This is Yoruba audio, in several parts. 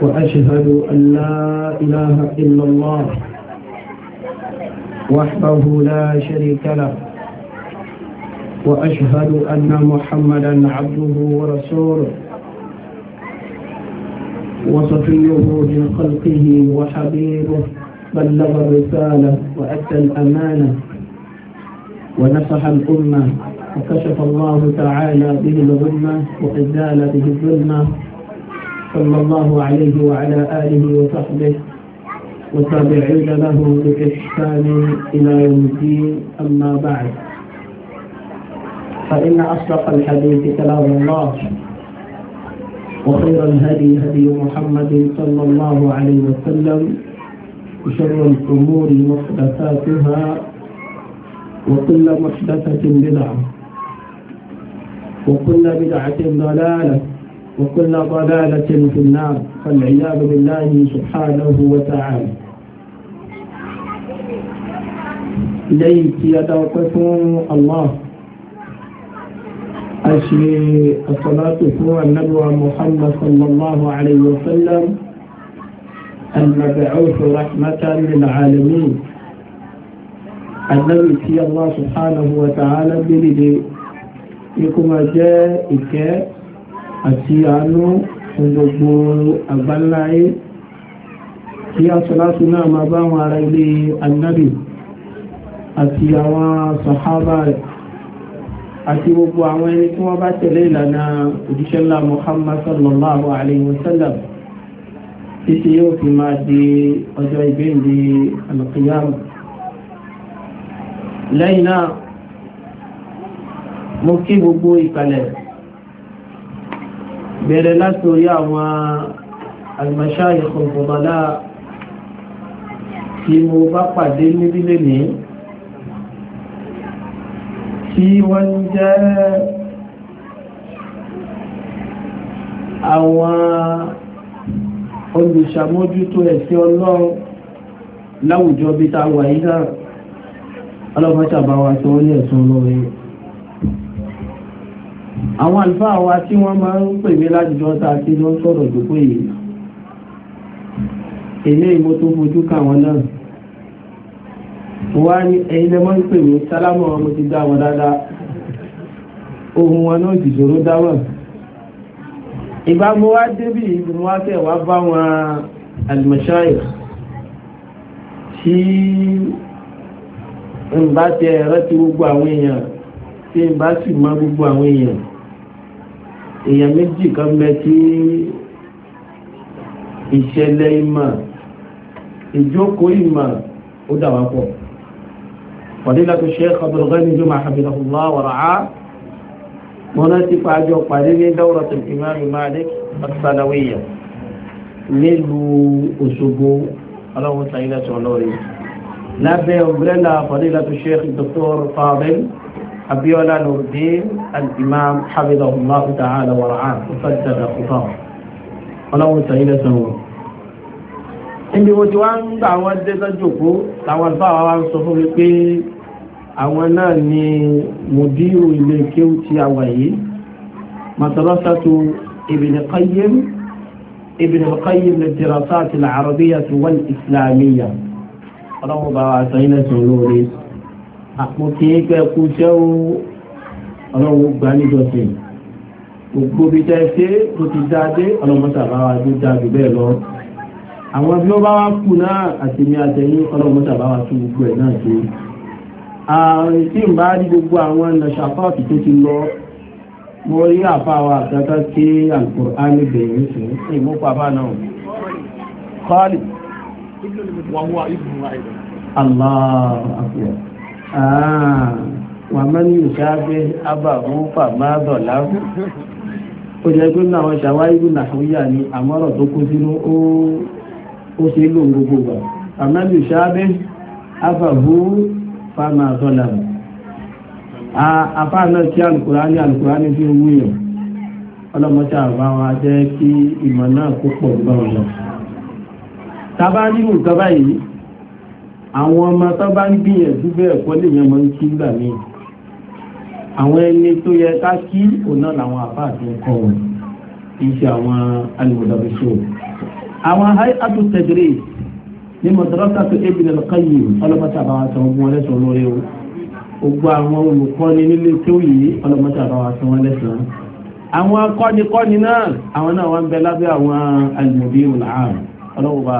وأشهد أن لا إله إلا الله وحده لا شريك له وأشهد أن محمدا عبده ورسوله وصفيه من خلقه وحبيبه بلغ الرسالة وأدى الأمانة ونصح الأمة وكشف الله تعالى به الغمة وإزال به الظلمة صلى الله عليه وعلى آله وصحبه وتابعين له بإحسان إلى يوم الدين أما بعد فإن أصدق الحديث كلام الله وخير الهدي هدي محمد صلى الله عليه وسلم وشر الأمور محدثاتها وكل محدثة بدعة وكل بدعة ضلالة وكل ضلالة في النار فالعياذ بالله سبحانه وتعالى ليت يتوقف الله أشري الصلاة هو النبوة محمد صلى الله عليه وسلم المبعوث رحمة للعالمين النبي في الله سبحانه وتعالى بلدي يكما جاء إكاء àti àánú fún gbogbo àgbáńláyé kí asọ́látù náà máa bá wọn ará ilé annabi àti àwọn sàhábà rẹ̀ àti gbogbo àwọn ẹni tí wọ́n bá tẹ̀lé ìlànà òjíṣẹ́ ńlá Muhammad sallallahu alayhi wa títí yóò fi máa di ọjọ́ ìgbéǹde alùpùpù lẹ́yìn náà mo kí gbogbo ìkàlẹ̀ bẹ̀rẹ̀ láti orí àwọn al-mashayikh al-fudala tí mo bá pàdé níbí lèní tí wọ́n jẹ́ àwọn olùṣàmójútó ẹ̀sìn ọlọ́run láwùjọ bí ta wà yí náà ọlọ́pàá tàbá wa tí wọ́n ní ẹ̀sùn olóore àwọn àlùfáà wa tí wọ́n máa ń pè mí lájújọ ta kí ló ń sọ̀rọ̀ dúpọ̀ yìí èlé mo tó fojú káwọn náà wá ní ẹ̀yin lẹ́mọ́ ń pè mí sálámọ̀ wọn mo ti dá wọn dáadáa ohun wọn náà ti ṣòro dáwọ̀ ìgbà mo wá débì ibi mo wá tẹ̀ wá bá wọn àlùmọ̀ṣáyà tí n bá tẹ ẹ̀rọ ti gbogbo àwọn èèyàn tí n bá sì mọ gbogbo àwọn èèyàn èèyàn méjì kan bẹ tí ìṣẹ̀lẹ̀ ìmọ̀ ìjókòó ìmọ̀ ó dà wá pọ̀ fadila tó Sheikh Abdul Ghani Juma hafidhahullah wa ra'ah wọn náà ti pàjọ pàdé ní dawratul Imam Malik as-Salawiyya nílùú Òṣogbo ọlọ́run sàyílẹ̀ fadila tó Sheikh Dr. Fadil Abíọ́lá Nurdin al-Imam hafidhahullahu ta'ala wa ra'ah fẹ́tẹ̀lẹ̀ kúfà ọlọ́run sẹ́yìn lẹ́sàn wọn. níbi wo ti wá ń gbà àwọn dẹ́sẹ̀ jòkó làwọn àlùfáà wa ń sọ fún mi pé àwọn náà ni mùdírù ilé kéwù ti àwà yìí madrasatu Ibn Qayyim Ibn Qayyim lid-dirasat al-Arabiyyah wal-Islamiyah ọlọ́run bá wa sẹ́yìn lẹ́sàn lóore àpò kí n pẹ́ kú iṣẹ́ o ọlọ́run gbà níjọsìn gbogbo bí tẹ́ ṣe tó ti dá dé ọlọ́mọta bá wa tó dá jù bẹ́ẹ̀ lọ àwọn tí wọ́n bá wá kù náà àtẹ̀mí àtẹ̀yìn ọlọ́mọta bá wa tó gbogbo ẹ̀ náà ṣe àwọn tí ń bá rí gbogbo àwọn nàṣàkọ́ọ̀tì tó ti lọ mo rí àfáwà àtàkà sí Al-Qur'ani bẹ̀rẹ̀ sí ìmúpapá náà kọ́ọ̀lì. Allah akbar. wàmán yóò ṣááfẹ́ abàmú pàmádọ̀ láàrú ó jẹ́ pé náà wọ́n ṣàwáyé nàìjíríà ni àmọ́rọ̀ tó kó sínú ó ṣe lò gbogbo gbà wàmán yóò abàmú pàmádọ̀ láàrú náà tí fi wú yàn ọlọ́mọta àbá wa jẹ́ kí ìmọ̀ náà kó pọ̀ gbọ́n lọ. nínú àwọn ọmọ tó bá ń gbìyànjú bẹ́ẹ̀ kọ́ lè yẹn mọ́ ń kí gbà mí àwọn ẹni tó yẹ ká kí ọ̀nà làwọn àbáàdé kọ́ wọn kì í ṣe àwọn alùpùpù àwọn hay'atu tadris ní madrasatu Ibn al-Qayyim ọlọ́mọta àbáwá tán wọn lórí o gbogbo àwọn olùkọ́ni nílé tó yìí àbáwá àwọn akọ́nikọ́ni náà àwọn náà bẹ lábẹ́ àwọn ọlọ́wọ́ bá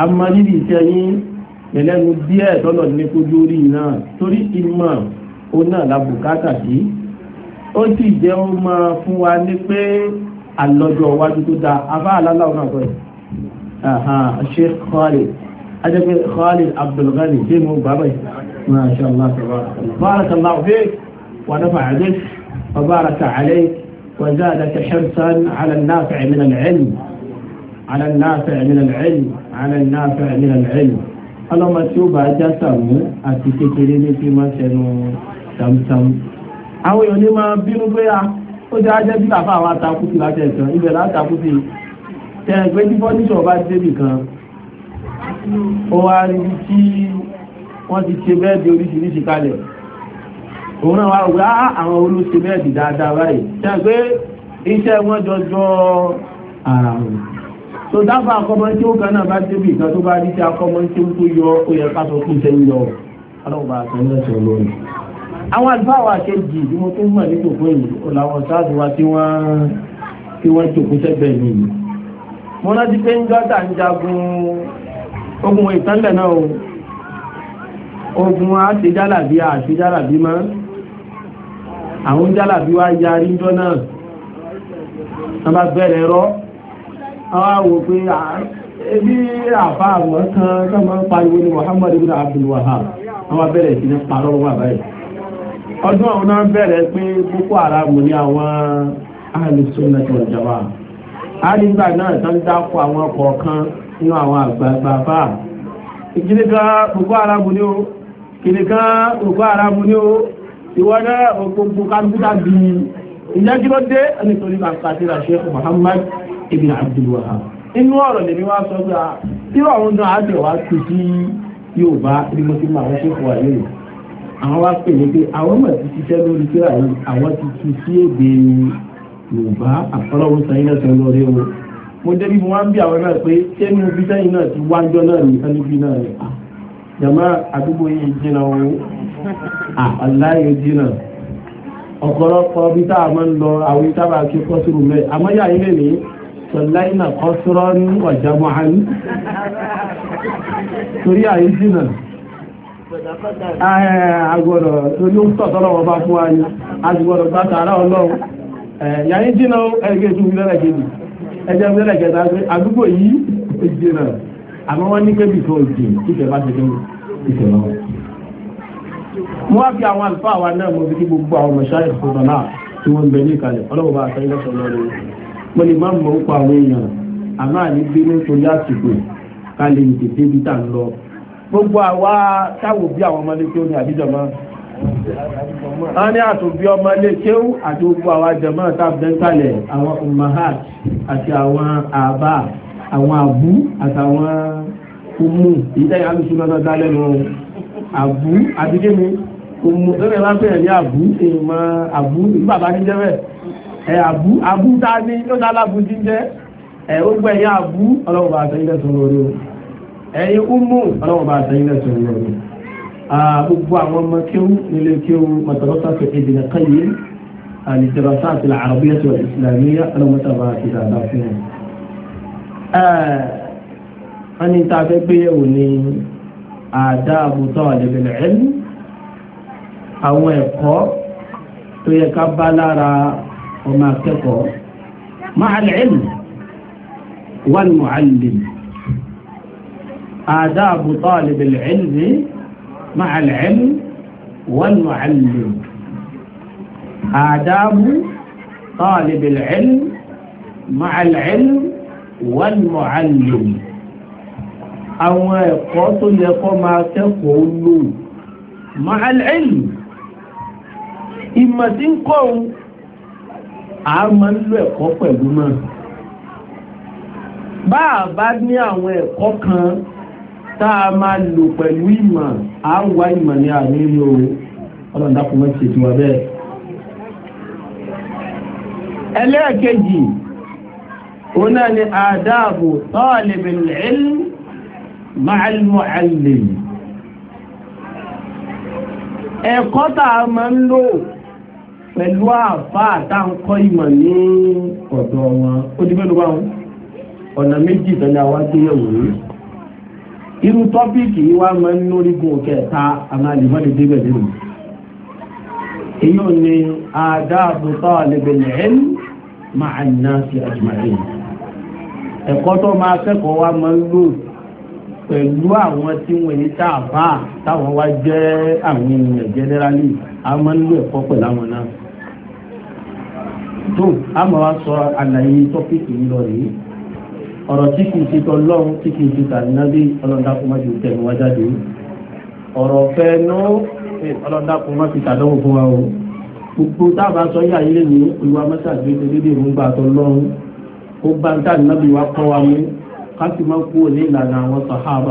àmọ́ rírì iṣẹ́ yín ẹlẹ́nu díẹ̀ tọ́lọ̀ ní kójú orí náà torí ìmọ̀ òun náà la bùkátà sí ó sì jẹ́ ó máa fún wa ní pé àlọ́jọ́ iwájú tó dáa afá àlálà ọ̀nà àkọ́ ẹ̀ Sheikh Khalid ajẹ́pẹ́ Khalid Abdulghani dé mú bàbá yìí masha Allah barakallahu fik wa nafa'a bik wa baraka alayk wa zadaka hirsan ààrẹ náà fẹ́ ní ẹ̀lẹ́yìn ọlọ́mọ tí ó bá já sàmú àti kékeré ní kí máa ṣẹnu sàmùsàmù. àwọn èèyàn ní máa bínú pé a ó jẹ́ ajẹ́ sí bàbá àwọn atakùtì láti ẹ̀sán ibẹ̀ látakùtì tẹ ẹgbẹ́ tí fọ́níṣọ̀ bá débì kan ó wá rí tí wọ́n ti ṣe bẹ́ẹ̀dì oríṣiríṣi kalẹ̀ òun náà wá wá àwọn olóṣèlú ẹ̀dì dáadáa báyìí tẹ ẹgbẹ́ iṣẹ́ wọn jọjọ àràrùn tó dábàá akọ́mọ tí ó kanáà bá débi ìkan tó bá rí sí akọ́mọ tí ó tó yọ ó yẹ ká sọ fún iṣẹ́ ń yọ ọlọ́ọ̀bà àtẹnudẹ́sẹ̀ lórí. àwọn àlùfáà wa kejì tí mo tún mọ̀ nípò fún yìí ó làwọn sáàdù wa tí wọ́n tí wọ́n jòkó sẹ́gbẹ̀ẹ́ mi yìí. mo rántí pé ń dọ́tà ń jagun ogun ìtànlẹ̀ náà o ogun àṣejálàbí àṣejálàbí máa àwọn jálàbí wa yarí jọ náà wọ́n bá bẹ̀rẹ̀ rọ́ àwọn àwò pé ẹbí àfá àwọn kan kọ́mọ́ pariwo ní Muhammad ibn Abdul Wahab àwọn abẹ́rẹ̀ sí ní parọ́ wà báyìí ọdún àwọn náà bẹ̀rẹ̀ pé Boko Haram ní àwọn Ahlus Sunnah wal Jama'ah àrígbà náà tán dákọ̀ àwọn kọ̀ọ̀kan nínú àwọn àgbààgbà bá ìkìníkan Boko Haram ní o kìníkan Boko Haram ní o ìwọ́nà òpópó kálùkútà bí Muhammad ibn Abdul Wahhab inú ọ̀rọ̀ lèmi wá sọ pé ah, irú àwọn náà á tẹ̀ wá tu sí Yorùbá ní mo ti mọ àwọn ṣèkọ wà lónìí àwọn wá pè mí pé àwọn mọ̀ ti ṣiṣẹ́ lórí kíra yìí àwọn ti tu sí èdè Yorùbá àfọlọ́wọ́ sẹ́yìn náà sẹ́yìn lórí o mo débi mo wá ń bí àwọn náà pé ṣé mi fi sẹ́yìn náà ti wájọ́ náà ní ẹnubí náà rẹ̀ ah, jàmá àdúgbò yìí jìnnà o àláyé ah, jìnnà ọ̀pọ̀lọpọ̀ bí táà máa ń lọ àwọn ìtàbà kí kọ́sùrù mẹ́ àmọ́ yà ilé nìyí sọ̀láìnà kọ́sọ́rọ́ ní ọ̀jàmọ́ àní torí ayé agbọ̀rọ̀ gbátàrá ọlọ́run yàyí jìnà ẹgbẹ́ tún mílẹ̀rẹ̀ kejì ẹjẹ́ mílẹ̀rẹ̀ kẹta pé àdúgbò yìí jìnà àmọ́ wọ́n ní mo lè má mọ̀ ń pa àwọn èèyàn àmọ́ àní bínú torí àsìkò ká lè tètè bí tà ń lọ gbogbo àwa táwọn òbí àwọn ọmọlé tó ní àbíjọmọ wọn ní àtòbí ọmọlé kéwù àti gbogbo àwa jẹmọ tábẹńtàlẹ àwọn umahat àti àwọn àbá àwọn àbú àtàwọn umu èyí tẹ́yà ń sún lọ́dọ̀ dá lẹ́nu àbú àbíkémi umu tẹ́lẹ̀ máa ń bẹ̀rẹ̀ ní àbú èèmọ̀ àbú ní jẹ́rẹ̀ àbú àbú tá ní ló dálábù tí jẹ́ ogbó ẹ̀yà àbú ọlọ́wọ̀bà àtẹ́yìnlẹ̀ tó lórí ẹ̀yìn umu ọlọ́wọ̀bà àtẹ́yìnlẹ̀ tó lórí gbogbo àwọn ọmọ kéwú nílé kéwú mọ̀tàlọ́sàfẹ́ ìdìnà káyé al-dirasat al-arabiyyah wal-islamiyah ọlọ́mọtàbà àti dàdà fún wọn ni ta fẹ́ وما كفر مع العلم والمعلم آداب طالب العلم مع العلم والمعلم آداب طالب العلم مع العلم والمعلم أو قتل ما تقول مع العلم إما تنقل a máa ń lo ẹ̀kọ́ pẹ̀lú náà bá a bá ní àwọn ẹ̀kọ́ kan tá a máa lò pẹ̀lú ìmọ̀ a ń wá ìmọ̀ ní àárín ilé o ọlọ́dàkùn mọ́ ṣètò wa bẹ́ẹ̀ ẹlẹ́ẹ̀kejì òun náà ni àdáàbò talibul ẹ̀kọ́ tá a máa ń lò pẹ̀lú àfá àtàǹkọ́ ìmọ̀ ní ọ̀dọ̀ wọn ó di mẹ́nu báwọn ọ̀nà méjì ìtọ́lẹ̀ àwọn agbéyẹ̀wò rí irú tọ́pìkì yìí wá máa ń lórígun kẹta àmà àlìmọ́lì débẹ̀ lérò èyí ò ní àdáàbò tọ́ọ̀lẹ́bẹ̀lẹ̀ ẹ̀ máa ń ná sí àjùmọ̀lẹ́ ẹ̀kọ́ tó máa kẹ́kọ̀ọ́ wá máa lò pẹ̀lú àwọn tí wọ́n ní tààfà táwọn wá jẹ́ àwọn ènìyàn jẹ́nẹ́rálì a máa ń lò ẹ̀kọ́ pẹ̀lú àwọn náà tó a máa wá sọ àlàyé tọ́pìkì yìí lọ rèé ọ̀rọ̀ tí kìí ṣe tọ́ lọ́run tí kìí ṣe tàbí ọlọ́dàkùnmájú tẹnu wá ọ̀rọ̀ fẹ́ ọlọ́dàkùnmájú tàdánwò fún wa o gbogbo tábà sọ yà ilé ní olúwa mẹ́sàgbé tó dédé ìrúngbà tọ́ lọ́run ó bá ń tà wa kọ́ wa mú ká máa kú ní ìlànà àwọn sàhábà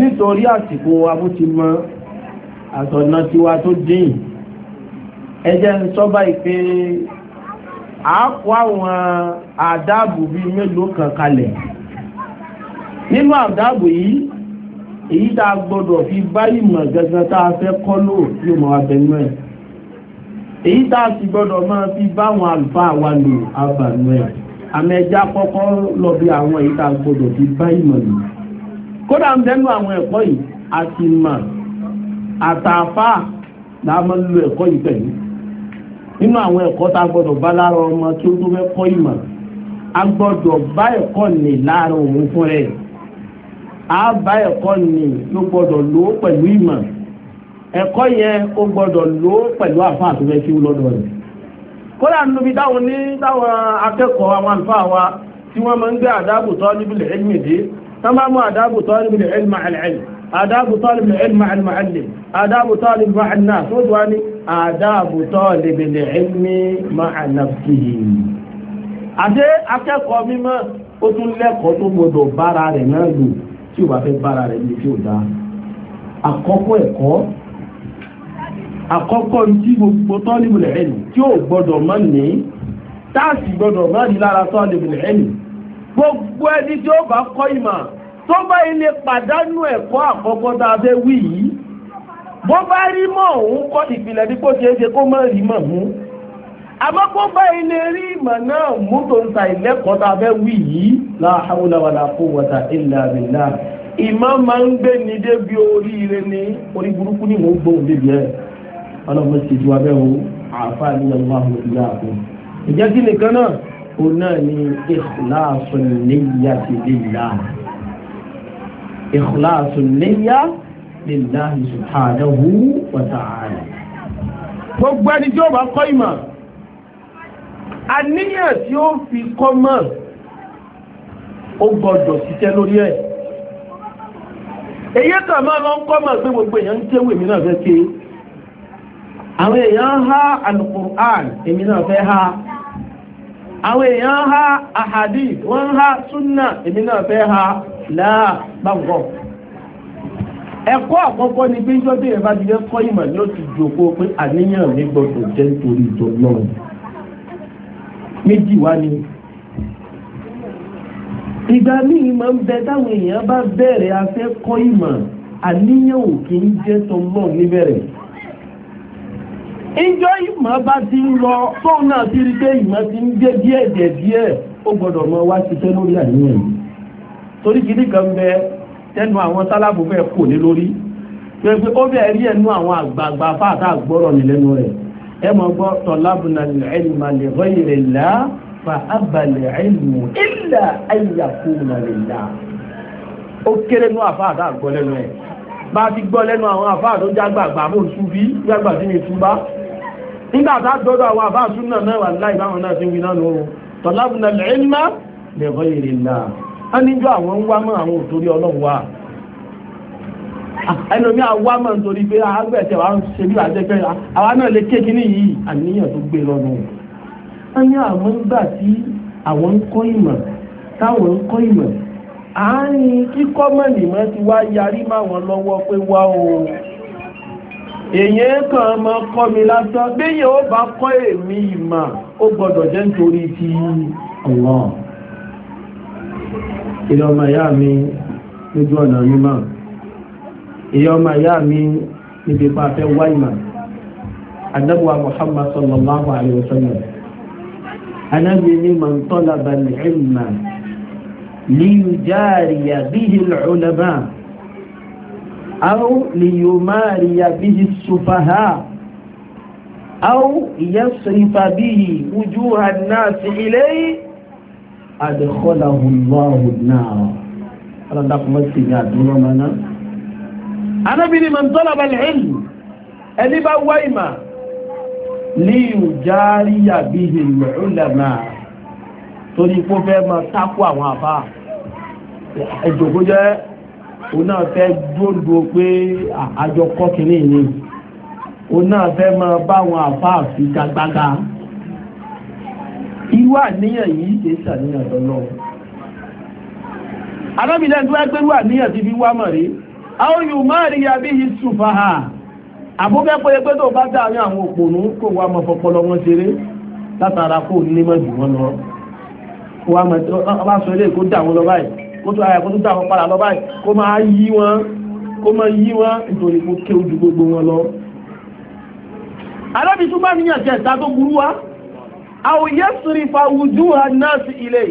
nítorí àsìkò abútimọ́ àtọ̀nà tiwa tó dín ẹjẹ́ ń sọ́bà ìpé àápò àwọn àdáàbò bíi mélòó kan kalẹ̀ nínú àdáàbò yìí èyí tá a gbọ́dọ̀ fi bá ìmọ̀ gẹ́gẹ́ tá a fẹ́ kọ́ lóò tí ó mọ̀ abẹnú ẹ̀ èyí tá a sì gbọ́dọ̀ máa fi báwọn àlùfáà wa lò abànú ẹ̀ àmẹ́já kọ́kọ́ lọ bí àwọn èyí tá a gbọ́dọ̀ fi bá ìmọ̀ lò kódà ń bẹ́nu àwọn ẹ̀kọ́ yìí àti mà àtàfà la máa ẹ̀kọ́ yìí pẹ̀lú nínú àwọn ẹ̀kọ́ tá a gbọ́dọ̀ bá lára ọmọ tí ó tó fẹ́ kọ́ ìmọ̀ a gbọ́dọ̀ bá ẹ̀kọ́ nì lára òun fún rẹ̀ a bá ẹ̀kọ́ nì ló gbọ́dọ̀ lò ó pẹ̀lú ìmọ̀ ẹ̀kọ́ yẹn ó gbọ́dọ̀ lò ó pẹ̀lú àfa kí ó lọ́dọ̀ rẹ̀ kódà táwọn akẹ́kọ̀ọ́ wa tí wọ́n máa ń gbé níbi lẹ́yìn تمام آداب طالب العلم مع العلم آداب طالب العلم مع المعلم آداب طالب مع الناس وضعني آداب طالب العلم مع نفسه àṣẹ akẹ́kọ̀ọ́ mímọ́ ó tún lẹ́kọ̀ọ́ tó gbọdọ̀ bára rẹ̀ náà lò tí ò bá fẹ́ bára rẹ̀ ní tí ò dáa àkọ́kọ́ ẹ̀kọ́ àkọ́kọ́ tí gbogbo tọ́lìbìlẹ̀ ẹ̀nì tí ò gbọdọ̀ mọ́ ní táàsì gbọdọ̀ mọ́ ní lára tọ́lìbìlẹ̀ ẹ̀nì gbogbo ẹni tí ó bá kọ́ ìmọ̀ tó bá ilé pàdánù ẹ̀kọ́ àkọ́kọ́ tá a fẹ́ wí yìí bó bá rí mọ̀ òun kọ́ ìpìlẹ̀ dípò tí é ṣe kó má rí mọ̀ mú àmọ́ kó bá ilé rí ìmọ̀ náà mú tó ń ta tá a fẹ́ wí yìí ìmọ̀ máa ń gbé ní débi oríire ní orí burúkú ní o náà ni ikhlasu niyyati lillah ikhlasu niyyah lillahi subhanahu wa ta'ala gbogbo ẹni tí ó bá kọ́ ìmọ̀ àníyàn tí ó fi kọ́ mọ̀ ó gbọ́dọ̀ ṣiṣẹ́ lórí ẹ̀ èyí kan máa lọ ń kọ́ mọ̀ pé gbogbo èèyàn ń tẹ́wò èmi náà fẹ́ ké àwọn èèyàn ń há alukur'an èmi náà fẹ́ há àwọn èèyàn ha àhàdì wọ́n ha súnà èmi náà fẹ́ ha láà báńkọ́ ẹ̀kọ́ àkọ́kọ́ ni pé ìjọba ìyẹn bá ti fẹ́ kọ́ ìmọ̀ ni ó ti jòkó pé àníyàn mi gbọ́dọ̀ jẹ́ nítorí ìjọ náà méjì wá ni ìgbà míì máa ń bẹ táwọn èèyàn bá bẹ̀rẹ̀ afẹ́ kọ́ ìmọ̀ àníyàn ò kì í jẹ́ tọ́lọ́ níbẹ̀rẹ̀ ìjọ ìmọ̀ bá ti ń lọ tóun náà ti rí pé ìmọ̀ ti ń gbé díẹ̀ díẹ̀ díẹ̀ ó gbọ́dọ̀ mọ wá ṣiṣẹ́ lórí àníyàn yìí torí kìíní kan bẹ tẹnu àwọn sálábù fẹ́ kò ní lórí pé pé ó bẹ̀ẹ́ rí ẹnu àwọn àgbààgbà fáàtà gbọ́rọ̀ ní lẹ́nu rẹ̀ ẹ mọ̀ gbọ́ tọ̀lábùnà ìlmà lè rọ́ ìrẹ̀ là fa abalẹ̀ ìlmù ìlà ayàkùnà lè là ó kéré nú àfáàtà gbọ́ lẹ́nu ẹ̀ bá ti gbọ́ lẹ́nu àwọn àfáàtà jágbàgbà mọ́ òṣùfí jágbà sí mi túbá nígbà tá dọ́dọ̀ àwọn àbá súnà náà wà láì báwọn náà ti wí náà nù tọ́lábùnà lẹ́yìnmá lẹ́kọ́ ìrìnlá a níjọ́ àwọn ń wá mọ́ àwọn òtórí ọlọ́run wa ẹlòmí àwa mọ̀ nítorí pé agbẹ̀tẹ̀ wa ń ṣe bí àjẹpẹ́ àwa náà lè ké kíní yìí àníyàn tó gbé lọ́nu a ní àwọn gbà tí àwọn ń kọ́ ìmọ̀ táwọn ń kọ́ ìmọ̀ àárín kíkọ́ mọ̀ nìmọ̀ ti wá yarí máwọn lọ́wọ́ pé wá o èyàn kan mọ́ kọ́ mi lásán béèyàn ó bá kọ́ èmi ìmọ̀ ó gbọ́dọ̀ jẹ́ nítorí ti Allah ìyá ọmọ ìyá mi lójú ọ̀nà mímọ̀ ìyá ọmọ ìyá mi níbi pa fẹ́ wá ìmọ̀ anábùwà Muhammad sallallahu alayhi wa sallam anábì ní man talaba al-ilma li yujariya bihi al-ulama. أو ليماري به السفهاء أو يصرف به وجوه الناس إليه أدخله الله النار أنا دقم السجاد ولمنا أنا بني من طلب العلم أني بويما ليجاري به العلماء torí kó fẹ́ mọ tákù àwọn àbá ẹ̀jọ̀gbó jẹ́ òun náà fẹ́ dúró pé àjọ kọ́kiri ni òun náà fẹ́ máa báwọn àfáà fi irú àníyàn yìí lọ́lọ́ tó wá àníyàn ti fi wá mọ̀ àwọn yóò máa rí ṣùfà pé pé tó bá àwọn òpònú kò wá fọpọlọ wọn ṣeré látara kó ní mọ̀ jù wọn lọ sọ ilé ìkó dà wọn lọ báyìí kó tó ayẹ kó tó dà wọn padà lọ báyìí kó máa yí wọn kó máa yí wọn nítorí mo ké ojú gbogbo wọn lọ. alábi tún bá níyàn kẹta tó burú wa àwòyẹ sùnrin fa ojú ha náà sí ilé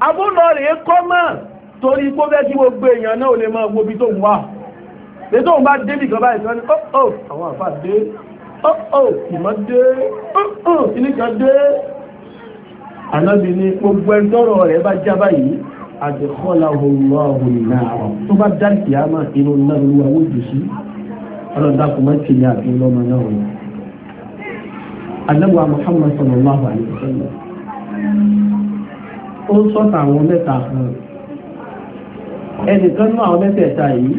abúlọ rèé kọ́ mọ́ torí kó fẹ́ kí gbogbo èèyàn náà ò lè máa wo ibi tó ń wà ètò òun bá débì kan báyìí kan ní ọ́ọ̀ oh, oh, àwọn àfà dé ọ́ọ̀ oh, ìmọ̀ dé ọ́ọ̀ ilé kan dé ànábì ni gbogbo ẹ̀ńtọ́rọ̀ rẹ̀ bá já báyìí àdìkọ́láwò lọ́wọ́ náà tó bá dá ìyáma inú náà ló wà jù sí ọlọ́dàkùn má kiri àti lọ́mọ náà wọ̀. Àdàbọ̀ Muhammad sallallahu alaihi wasallam. Ó ń sọ́ta àwọn mẹ́ta kan. Ẹnìkan náà àwọn mẹ́tẹ̀ẹ̀ta yìí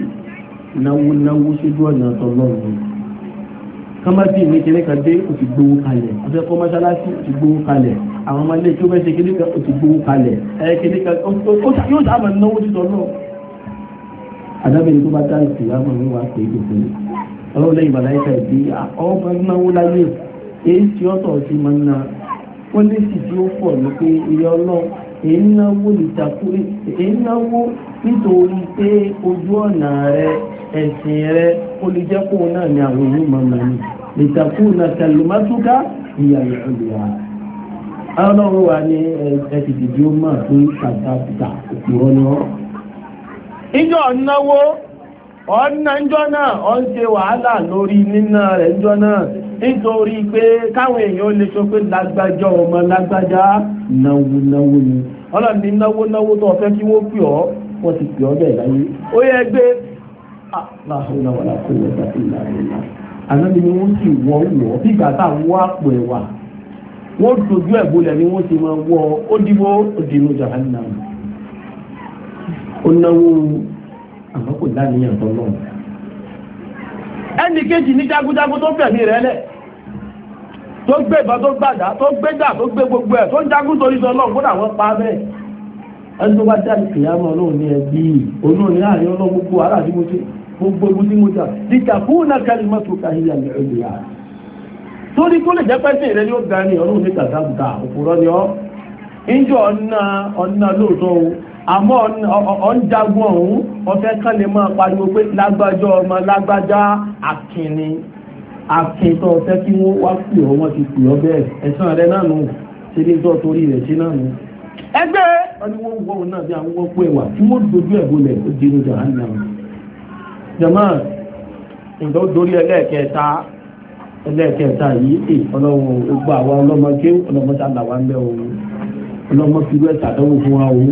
náwó náwó síjú ọ̀nà tọ́lọ́run. Kọ́mọ́tì ní kíní dé òfìgbówó kalẹ̀. Ọ̀sẹ̀ kọ́mọ́ṣáláṣí òfìgbówó kalẹ̀ àwọn ọmọ ilé tí ó fẹ́ ṣe kí níkan oṣù gbowó kalẹ̀ ẹ̀ kí níkan yóò sábà náwó títọ náà adábẹ́ni tó bá dá ìsìn láàmú ní wàá pé gbogbo ọlọ́run lẹ́yìn bàlá ìta ìdí ọmọ náwó láyé èyí tí na wọ́n lè sì tí ó pọ̀ ní pé ilé ọlọ́run èyí náwó ìtàkù nítorí pé ojú ọ̀nà rẹ ẹ̀sìn rẹ ó lè jẹ́ náà ní àwọn èèyàn mọ̀ọ́mọ́ ni ìtàkù náà tẹlifásúkà ìyàwó ìyàwó ọlọ́run wa ní ẹ̀ẹ́dẹ̀dì tí ó máa tó ọrụ òkúrọ́ ni wọ́n. ìjọ náwó ọ̀nà ìjọ náà ọ̀ ń ṣe wàhálà lórí níná rẹ̀ ìjọ náà nítorí pé káwọn èèyàn lè sọ pé lágbájá ọmọ lágbájá náwó náwó ni ọlọ́run ní náwó náwó tó kí wọ́n ọ́ wọ́n ti ọ́ láyé ó yẹ gbé àwọn wọ́n dojú ẹ̀bùlẹ̀ ni wọ́n ti máa wọ́ ó dìbò òdìmú jahannam ó náwó àmọ́ kò láníyàn tó lọ́wọ́ ẹnì kejì ní jagunjagun tó fẹ̀mí rẹ̀ lẹ̀ tó gbé ìbọn tó gbàdá tó gbéjà tó gbogbo ẹ̀ tó ń jagun torí sọ lọ́wọ́ kódà pa bẹ́ẹ̀ ẹni tó bá jáde kìyàmọ́ ọlọ́run ní ẹbí olóòrùn ní àárín ọlọ́gbogbo aláàdínmọ́tò gbogbo ogun mo jà fún nàkàlì yàrá torí tó lè jẹ́ pẹ́sìn rẹ yóò ga ni ọ̀run ní kàtàkùtà òpùrọ̀ ni ọ́ níjọ́ ọ̀nà ọ̀nà lóòótọ́ o àmọ́ ọ̀njagun ọ̀hún ọ̀fẹ́ kan lè máa pariwo pé lágbájọ́ ọmọ lágbájá akínni ọ̀fẹ́ kí wọ́n wá pè ọ́ ti pè ọ́ bẹ́ẹ̀ ẹ̀sán náà nù ṣe ní torí rẹ̀ ṣe náà nù. ẹgbẹ́ ẹlẹ́ẹ̀kẹta yìí ẹ̀ eh, ọlọ́run gbogbo àwọn ọlọ́mọ ké ọlọ́mọ tá a là wá ń bẹ́ òun ọlọ́mọ fi wẹ́ sàdánwò fún wa òun.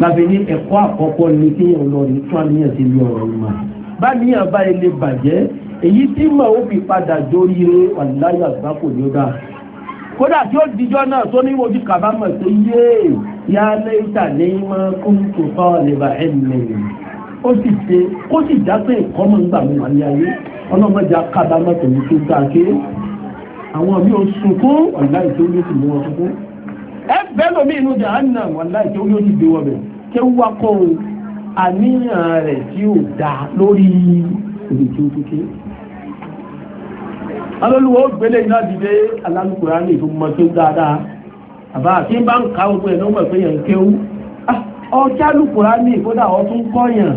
láti ní ẹ̀kọ́ àkọ́kọ́ ni kí ọlọ́run fún àníyàn sí ilé ọ̀rọ̀ ìmọ̀ bá níyàn bá ilé bàjẹ́ èyí tí mọ̀ ó fi padà dórí eré wàláyà àgbà kò ní ó dáa kódà tí ó dijọ́ náà tó ní ojú kàbámọ̀ tó yé yálé ìtàlẹ́yìn ó sì ṣe kó sì já pé nǹkan mọ̀ ń gbà mí wà ní ayé ọlọ́mọdé akábámọ́ tòun tó dáa ké àwọn mi ò sunkún ọ̀la ìṣe ó yóò sì mú wọn sunkún. ẹ bẹ́ẹ̀ lómi inú jahanna ọ̀la ìṣe ó yóò sì gbé wọn bẹ̀ ṣé wá kọ́ o àníyàn rẹ̀ tí ò dáa lórí èdè tí ó tó ké. alólùwọ́ gbélé iná dìde alálùkùrá ní ìfowópamọ́ tó dáadáa àbá àti bá ń ka ogun ẹ̀ lọ́wọ́ ìpínyẹ̀ ń kéwú ah, ọjà lùkùrá ní ìkódà ọtún kọ́yàn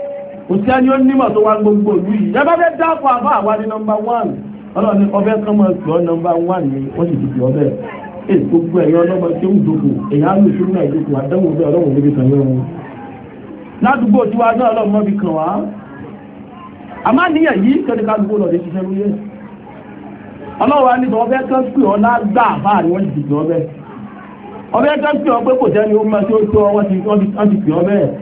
kò sí ẹni ó nímọ̀ tó wá gbogbo ìlú yìí yàtọ̀ fẹ́ dákọ̀ àbá nọmba wán ọlọ́run ní ọbẹ̀ kan nọmba wán ni wọ́n sì dìbò ọbẹ̀ ẹ̀ gbogbo ẹ̀yọ́ ọlọ́mọ tí ó ń dòkò èyí á lù sínú náà àdánwò bẹ́ẹ̀ kan yẹn wọn. ládùúgbò tiwa náà ọlọ́run mọ́bi kan wá àmọ́ yìí kẹ́ni ká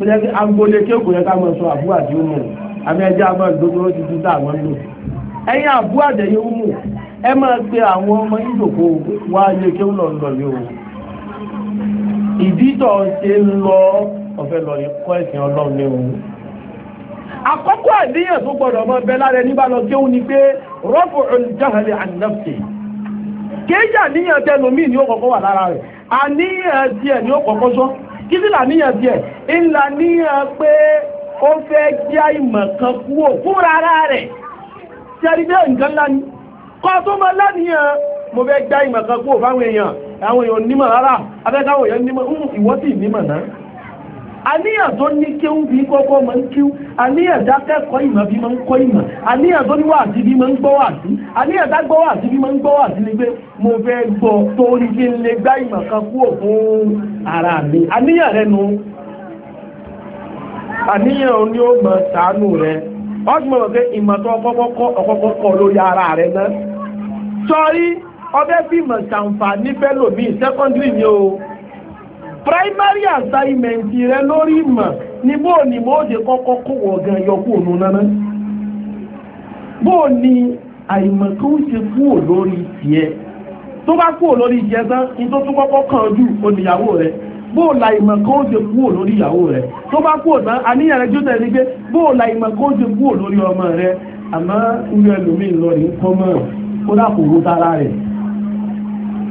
tó jẹ́ pé agboolé kí òkú yẹ ká mọ̀ sọ àbú àti umu àmì ẹjẹ́ àmọ́ ìdókòwò ti tún táwọn ń lò ẹ̀yin àbú àtẹ̀yẹ umu ẹ máa pe àwọn ọmọ ìjòkó wá ilé kí ó lọ lọ yìí o ìdítọ̀ ṣe ń lọ ọ̀fẹ́ lọ kọ́ ẹ̀sìn ọlọ́run ní òun àkọ́kọ́ àdíyàn tó gbọ́dọ̀ mọ́ bẹ lára ẹni bá lọ kí ó ní pé rọ́pù olùjáhàlì ànàfẹ́ kéjà níyàn tẹnu míì ni ó kọ́kọ́ wà lára rẹ̀ àníyàn tiẹ̀ ni ó kọ́kọ́ sọ́ kí sí làníyàn díẹ̀ ìlà níyàn pé ó fẹ́ já ìmọ̀ kan kúrò fúnra ara rẹ̀ tí a rí bẹ́ẹ̀ nǹkan ńlá ni kọ́ tó mọ́ láníyàn mo fẹ́ já ìmọ̀ kan kúrò fáwọn èèyàn àwọn èèyàn nímọ̀ rárá abẹ́káwọn èèyàn nímọ̀ ìwọ́sì nímọ̀ náà àníyàn tó ní kéwú bí kọ́kọ́ máa ń kíw àníyàn dákẹ́kọ̀ọ́ ìmọ̀ bí máa ń kọ́ ìmọ̀ àníyàn tó ma wàásí bí máa ń gbọ́ wàásí àníyàn dágbọ́ wàásí bí ń gbọ́ ni pé mo fẹ́ gbọ́ torí n lè gbá ìmọ̀ kan kúrò fún ara mi àníyàn rẹ nu àníyàn ni ó mọ̀ rẹ mọ̀ pé ìmọ̀ tó kọ́ lórí ara rẹ náà sọrí ọbẹ̀ bí sẹ́kọ́ndírì o. primary assignment rẹ lórí ìmọ̀ ni bó ni mo ṣe kọ́kọ́ kó ọ̀gàn yọkú òun náná bó ni àìmọ̀ tó ń ṣe kúrò lórí tiẹ̀ tó bá kúrò lórí tiẹ̀ tán ní tó tún kọ́kọ́ kàn jù oníyàwó rẹ̀ bóòlà ìmọ̀ kan ó ṣe kúrò lórí ìyàwó rẹ̀ tó bá kúrò náà àníyàn rẹ̀ jótẹ̀ ní pé bóòlà ìmọ̀ kan ó ṣe kúrò lórí ọmọ rẹ̀ àmọ́ ń rẹ̀ lómi ìlọrin kọ́mọ̀ kó dàpọ̀ owó tára rẹ̀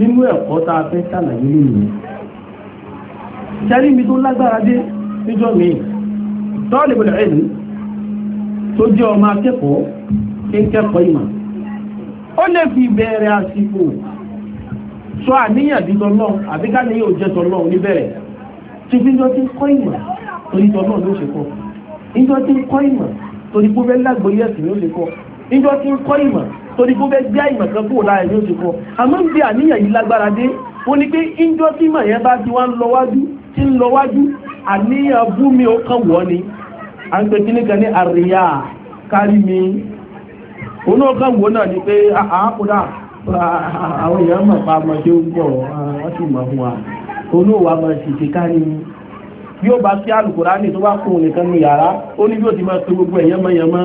nínú ẹ̀kọ́ tá a fẹ́ ṣàlàyé lónìí ṣẹ́rí mi tó lágbára dé níjọ́ mi talibul ilm tó jẹ́ ọmọ akẹ́kọ̀ọ́ tí ń kẹ́kọ̀ọ́ ìmọ̀ ó lè fi bẹ̀rẹ̀ àsìkò sọ àníyàn bí tọ́lọ́ àbí ká ní yóò jẹ́ tọ́lọ́ níbẹ̀rẹ̀ tí fi jọ ti kọ́ ìmọ̀ torí tọ́lọ́ ló ṣe kọ́ ìjọ ti kọ́ ìmọ̀ torí pé bẹ́ẹ̀ lágbóyè ẹ̀sìn ló ṣe kọ́ ìjọ ti kọ́ torí kó fẹ́ gbé àìmọ̀ kan kúrò láàrin ní oṣù kan àmọ́ ń gbé àníyàn yìí lágbára dé ó ní pé ìjọ tí mọ̀ yẹn bá ti wá ń lọ tí ń lọ àníyàn bú mi ó kàn wọ́ ni à ń pè kí ní kan ní àríyá kárí mi ah, ah, wa òun ó wà mọ̀ sì ti kárí mi bí ó bá sí àlùkùránì tó bá kún nìkan ní yàrá ó ní bí ó ti máa pe gbogbo ẹ̀yẹ́mọ́yẹ́mọ́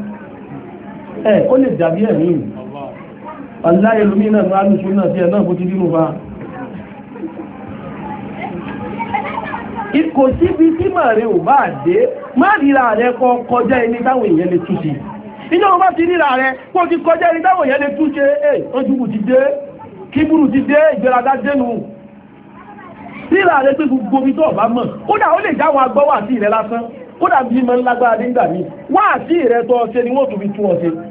ẹ̀ ó lè dàbí ẹ̀mí aláìlúmí náà ní alùsù náà sí ẹ̀ náà bó ti dínú bá kò síbi tí màá rẹ̀ ò bá dé má ríra rẹ̀ kọ kọjá ẹni táwọn èèyàn lè tún sí iná wọn bá ti ríra rẹ̀ kó ti kọjá ẹni táwọn èèyàn lè tún ṣe ẹ̀ ojúbù ti dé kíbùrù ti dé ìgbéraga dénú ríra rẹ̀ pé gbogbo omi tó ọ̀bá mọ̀ kódà ó lè jáwọn agbọ́wà sí rẹ̀ lásán kódà bí mọ́ ńlágbára nígbà ní wá àti ìrẹ́tọ́ ọ̀ṣẹ́ ni wọ́n tún fi tún ọ̀ṣẹ́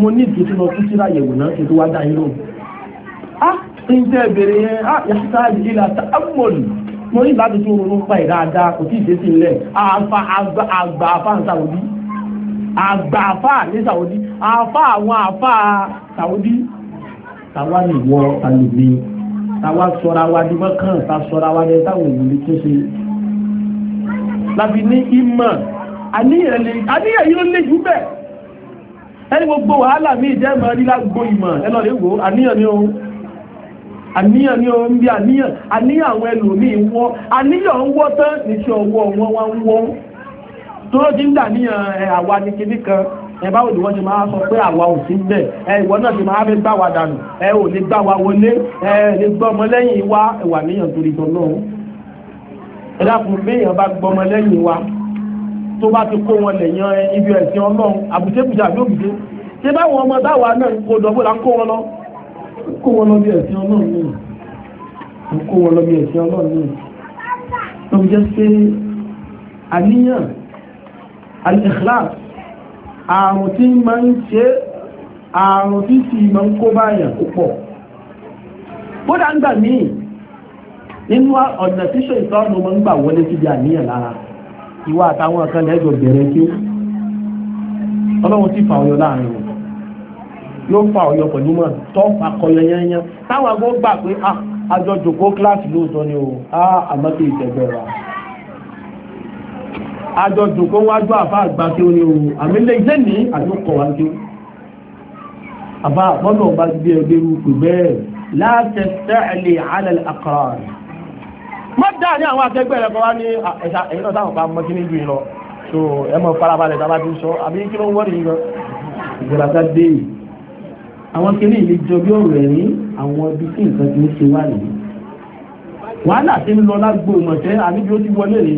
mo ní ìtòtí lọ tún síra yẹ̀wò náà kí n tó wá dá yín lóhùn. a ah, ń tẹ́ ìbéèrè yẹn a ah, yàtá ìlà tààmùlù ah, mo ní láti tún ronú pa ìdáadá kò tí ì dé sí ilẹ̀ àgbà àfa ní sàwọ́dí àgbà àfa ní sàwọ́dí àfa àwọn àfa sàwọ́dí tàwa nìwọ àlùmí tàwa sọra wa di mọ́kàn tá sọra wa ní táwọn èèyàn lè tún ṣe láti ní ìmọ̀ àníyàn yìí ló lé jù bẹ́ẹ̀ ẹni gbogbo wàhálà mí jẹ́ mọ̀ ní lágbó ìmọ̀ ẹlọ lè wò àníyàn ni ohun àníyàn ni ohun bí àníyàn àníyàn àwọn ẹlòmíì ń wọ́ àníyàn ń wọ́ tán níṣẹ́ ọwọ́ wọn wá ń wọ́ tó ti ń dàníyàn àwa ní kinní kan ẹ báwo ni wọ́n ṣe máa sọ pé àwa ò sí bẹ̀ ẹ ìwọ náà ṣe máa fẹ́ gbá wa dànù ẹ ò lè gbá wa wọlé ẹ lè gbọ́ ọmọ lẹ́yìn wa ẹwà níyàn torí tọ́ náà ẹ dákun bí èèyàn bá gbọ́ ọmọ lẹ́yìn wa tó bá ti kó wọn lè yan ibi ẹ̀sìn ọlọ́run àbùtẹ́bùtẹ́ àbí òbùtẹ́ ṣé báwọn ọmọ dáwà náà kó dọ̀bọ̀ là ń kó wọn lọ kó wọn lọ bí ẹ̀sìn ọlọ́run náà ń kó wọn lọ bí ẹ̀sìn ọlọ́run náà tó jẹ́ pé àníyàn al-ikhlas àrùn tí máa ń ṣe àrùn tí sì máa ń kó báyàn púpọ̀ bódà ń gbà míì nínú ọ̀nà tíṣe ìtọ́nù máa ń gbà wọlé síbi àníyàn lára ìwà àtàwọn ọ̀kan lẹ́jọ bẹ̀rẹ̀ kí ọlọ́run sì fà ọyọ láàrin wọn ló fà ọyọ pẹ̀lú mọ̀ tó àkọyọ yẹnyẹn táwọn agbó gbà pé àjọ ah, jòkó kíláàsì lóòótọ́ ni o ah, àmọ́ kí ìtẹ̀gbẹ̀ wa àjọ jòkó wájú àfa àgbà kí o ní o àmì lè ní àjọkọ̀ wá kí àbá àpọ́nà ọba gbé ẹgbẹ́ rú bẹ́ẹ̀ láti tẹ́ẹ̀lì alẹ́ àkàrà rẹ̀ mọ́ dáa ní àwọn akẹgbẹ́ rẹ̀ kọ́ wá ní ẹ̀ṣà ẹ̀yìn náà táwọn bá mọ́ kí ní ju yìí lọ so ẹ mọ́ àwọn kiri ìlú jọ tí nǹkan ṣe wá nìyí wàhálà ti ń lọ lágbo ìmọ̀tẹ́ àbí ó ti wọlé rèé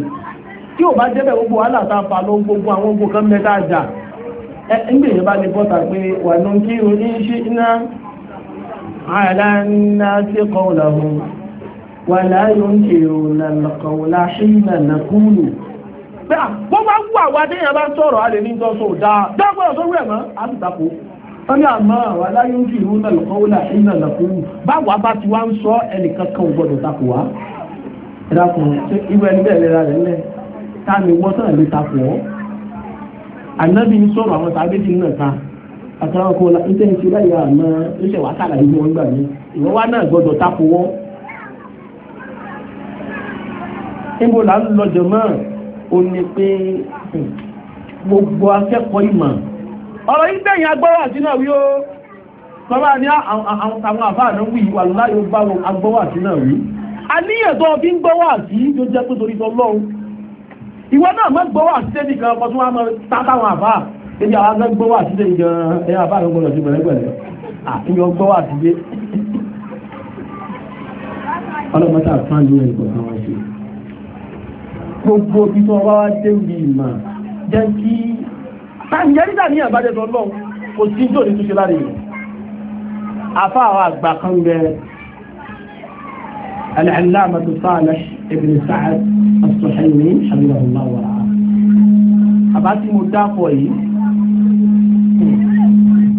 tí ò bá débẹ̀ gbogbo wàhálà tá fà lọ gbogbo àwọn ogun kan mẹ́ta àjà ẹgbẹ̀yìn bá wàlá yóò ń kèrò nàlọ́kọ̀ọ́lá ṣílẹ̀ nàkúlù pé àpọ́ bá wù àwọn adéyàn bá sọ̀rọ̀ a lè ní ìjọsọ dáa dágbọ́n sórí ẹ̀mọ́ a ti tako wọ́n ní àmọ́ àwọn aláyé ń kèrò nàlọ́kọ̀ọ́lá ṣílẹ̀ nàkúlù báwa bá ti wá ń sọ ẹnìkan kan ò gbọ́dọ̀ tako wá ẹ̀dàkùn irú ẹni bẹ́ẹ̀ lera rẹ̀ lẹ́ ta ni wọ́n sọ̀rọ̀ lè tako ọ́ ànábì ń sọ̀rọ̀ àwọn tàbí ti náà ta àtàwọn kan ní tẹ́ni ti láyà àmọ́ ó ṣẹ̀wá kàlàyé wọn gbà mí ìwọ́n wá náà gbọ́dọ̀ tako wọ́n níbo là ń lọ́jọ́ náà ó ní pé hmm, gbogbo akẹ́kọ̀ọ́ ìmọ̀ ọ̀rọ̀ yìí tẹ̀yìn agbọ́wà sí náà wí ó sọ́rọ̀ ní àwọn àfáàdán wí wà láyé ó bá agbọ́wà sí náà wí àníyàn tó fi ń gbọ́wà sí yóò jẹ́ pé torí tọ́lọ́run ìwọ náà mọ́ gbọ́wà sí tẹ́lì kan ọkọ̀ tó wá mọ́ tátáwọn àfá ebi àwọn agbẹ́ gbọ́wà sí tẹ́lì gan ẹ àfá àwọn ọgbọ́n ọ̀sìn pẹ̀lẹ́pẹ̀lẹ́ àfihàn gbọ́wà sí gbé ọlọ́mọta fáńdì ẹ̀kọ́ kan wọ́n ṣe gbogbo bí tó wá dé ní ìmọ̀ jẹ́ kí tàbíyàrídà ní àbájẹ́tọ̀ lọ kò sí jò ní túnṣe láre rẹ̀ afá àwọn àgbà kan bẹ al-allamatu Salih ibn Sa'd as-Suhaymi habibullah wa àbá tí mo dápọ̀ yìí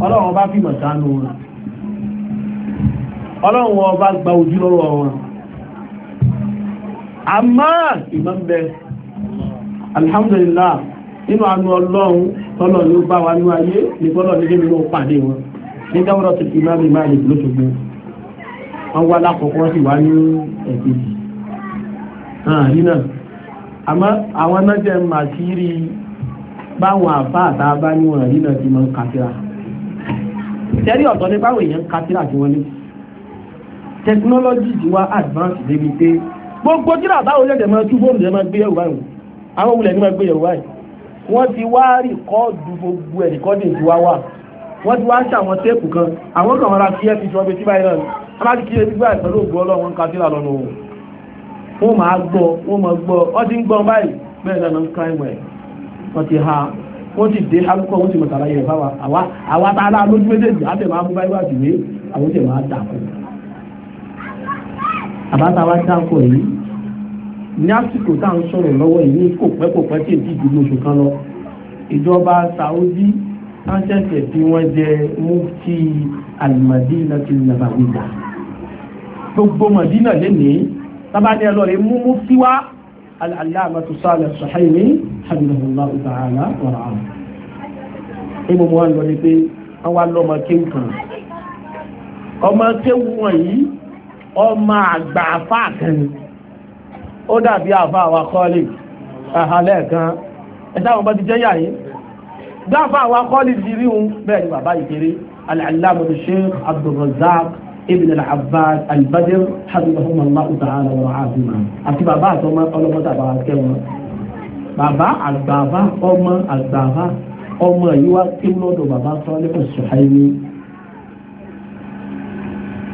ọlọ́run bá fi mọ̀ sánú wọn ọlọ́run ọba gba ojú lọ́wọ́ wọn àmá ìmọ̀ bẹ alhamdulillah nínú àánú ọlọ́run tọ́lọ̀ ló bá wa ní ayé ní bọ́lọ̀ ní gbẹ́mí náà pàdé wọn ní dáwọ́rọ̀ tó ti máa mi máa lè ló ṣogbo wọn wá lákọ̀ọ́kọ́ sì wá ní ẹ̀kejì àrínà àmọ́ àwọn náà jẹ́ màá ti wá advance débi pé gbogbo tíra báwo lẹ́dẹ̀ máa túbọ̀ lẹ́dẹ̀ máa gbé yẹ̀wò báyìí àwọn olùlẹ̀ ní máa gbé yẹ̀wò báyìí wọ́n ti wá rìkọ́ọ̀dù gbogbo ẹ̀ rìkọ́ọ̀dù ti wá wà wọ́n ti wá ń ṣàwọn téèpù kan àwọn kan ra kí ẹ ti sọ pé tí báyìí náà aláàdì kí ẹ ti báyìí pẹ̀lú ògbó ọlọ́run ń ka tíra lọ́nà òun wọ́n máa gbọ́ wọ́n máa gbọ́ wọ́n ti ń gbọ́ àbáta wa dáko yìí ní àsìkò tá à ń sọ̀rọ̀ lọ́wọ́ yìí ní kò pẹ́ tí èdè ìdìbò oṣù kan lọ ìjọba Saudi sáńsẹ̀sẹ̀ tí wọ́n jẹ mufti alimadina ti nàbàwìdà gbogbo madina lénìí sábàdé ẹlọ́rẹ̀ mú mufti wá al-allamatu Salih Suhaimi hamidullahu ta'ala wa ra'am ìmọ̀ mọ́ wọn lọ ní pé wọ́n wá lọ́mọ kéwù kan ọmọ kéwù wọn ọmọ àgbà àfáà kan ni ó dàbí àfáà wa kọ́lì àhàlẹ́ kan ẹ̀sáwọn bá ti jẹ́ yàyí dáfáà wa kọ́lì ti rí un bẹ́ẹ̀ ni bàbá ìkéré al-allama sheikh abdulrazak ibn al-abbas al-badr hafidhahumullahu ta'ala wa rahimah àti bàbá àtọmọ ọlọ́mọta bàbá kẹwọn bàbá àgbààfà ọmọ àgbààfà kí lọ́dọ̀ bàbá sọ́lé ọ̀ṣùháìní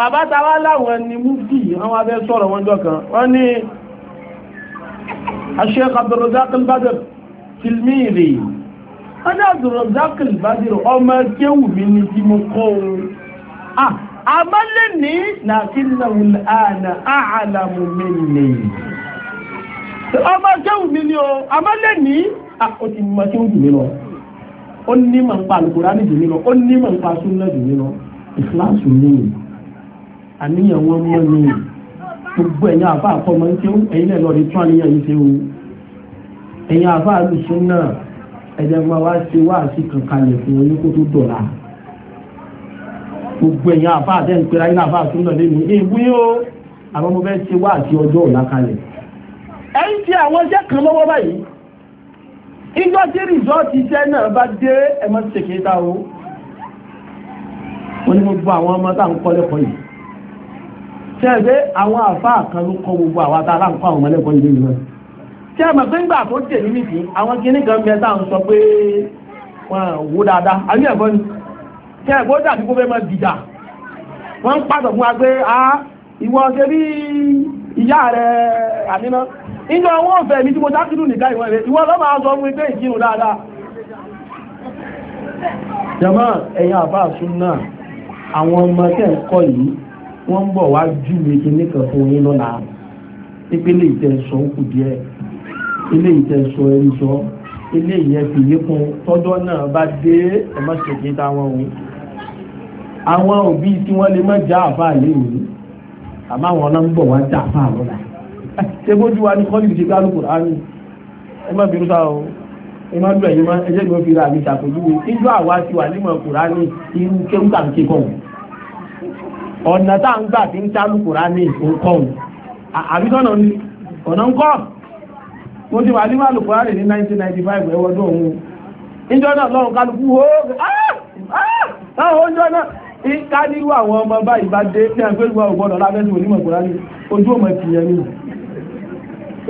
bàbá tàwà láwọn ni múfì àwọn abẹ́ sọ̀rọ̀ wọn jọ kan wọ́n ní Sheikh Abdurrazak al-Badr tìlmìrì wọ́n ní Abdurrazak al-Badr ọmọ kéwù mi ni tí mo kọ́ ohun àmọ́lẹ̀ ní nàkínàwò ààlà ààlàmù mi ni ọmọ kéwù mi ni o àmọ́lẹ̀ ní àkọ́tí mọ́ kéwù àníyàn wọn mọ́ ni gbogbo ẹ̀yin àbá àfọmọ́ ń tẹ́wọ́ ẹ̀yin náà lọ́ọ́ di tún àníyàn yìí tẹ́wọ́ ẹ̀yin àbá àlùsùn náà ẹ̀jẹ̀ máa wá ṣe wá àti kankanlẹ̀ fún wọn ní kó tó dọ̀la gbogbo ẹ̀yin àbá àtẹ̀ǹpẹ̀rẹ̀ ayé àbá àtún náà lẹ́nu èwé o àwọn ọmọ bẹ́ẹ̀ ṣe wá àti ọjọ́ ọ̀la kalẹ̀ wọ́n ní gbogbo àwọn ọmọ tá à ń kọ́ lẹ́kọ̀ọ́ yìí ṣẹ́gbẹ́ àwọn àfáà kan ló kọ gbogbo àwọn atá aláǹkọ́ àwọn ọmọlẹ́kọ̀ọ́ ilé ìwọ̀n tí a mọ̀ pé ńgbà tó dè ní nìkí àwọn kinní kan mẹ́ta ń sọ pé wọ́n wó dáadáa àbí ẹ̀kọ́ ni tí ẹ̀kọ́ dàbí kó fẹ́ mọ́ dìjà wọ́n ń pàtó fún wa pé a ìwọ ṣe bí ìyá rẹ̀ àníná níjọ wọn ò fẹ́ mi tí mo dákìlù nìka ìwọ rẹ̀ ìwọ lọ́ àwọn ọmọ tẹ̀ ń kọ́ yìí wọ́n ń bọ̀ wá júwe kíní kan fún yín lọ́la ìpele ìtẹ̀sọ́ kù díẹ̀ ilé ìtẹ̀sọ́ ẹni sọ ilé ìyẹn fi yíkun tọ́jọ́ náà bá dé ẹ̀mọ́ ṣèké táwọn òun àwọn òbí tí wọ́n lè má já àfa àléwò àmọ́ àwọn náà ń bọ̀ wá já àfa àlọ́la ṣé bójú wa ní kọ́lì ti kálukú rárá ẹ má bínú sáà o ìmọ̀ bí ẹ̀yin máa ẹjẹ́ ni wọ́n fi ra àmì ṣàpèjúwe níjọ́ àwa ti wà nímọ̀ kùránì irú kéwù tàbí kékọ̀ọ́ ọ̀nà tá ń gbà tí ń tá lùkùrá ní ìfòkọ́ùn àbíkọ́nà ní ọ̀nà ń kọ́ mo ti wà ní máa lùkùrá rẹ̀ ní 1995 ẹwọ́dún òun ìjọ́nà lọ́run kálukú ah! Ah! Ah, ó káníwò àwọn ọmọ báyìí bá dé ní àgbégbà ògbọ́dọ̀ lábẹ́sùn onímọ̀ ìkùrá ní ojú ọmọ ìfìyàn ní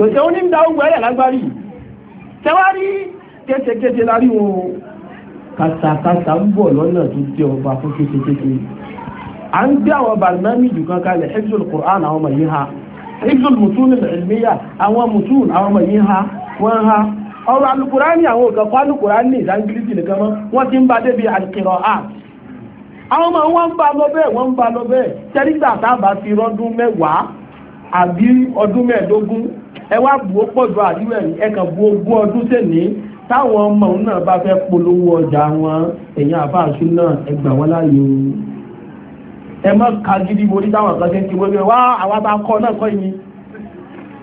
òṣèlú ní ìdá ogun ẹ̀yà lágbárí tẹwárí kéṣekéṣe lárí wọn kàtàkàtà ń bọ̀ lọ́nà tó jẹ́ ọba fún kéṣekéṣe a ń gbé àwọn bàlmẹ́mìjù kan kalẹ̀ hifzul Qur'an àwọn ọmọ ha hifzul mùsùn ilmiya àwọn mùsùn àwọn ọmọ ha wọ́n ha ọ̀rọ̀ alukurani àwọn òkè kọ́ alukurani ní ìdángilisi nìkan mọ́ wọ́n ti ń ba débi àwọn ọmọ wọn ba lọ bẹ́ẹ̀ ba tábà fi rọ́dún mẹ́wàá àbí ọdún mẹ́ẹ̀ẹ́dógún ọjà wọn ẹ mọ́ ka gidi mo ní táwọn kan ṣe ń ti wọ́n wá àwa bá kọ́ náà kọ́ ìní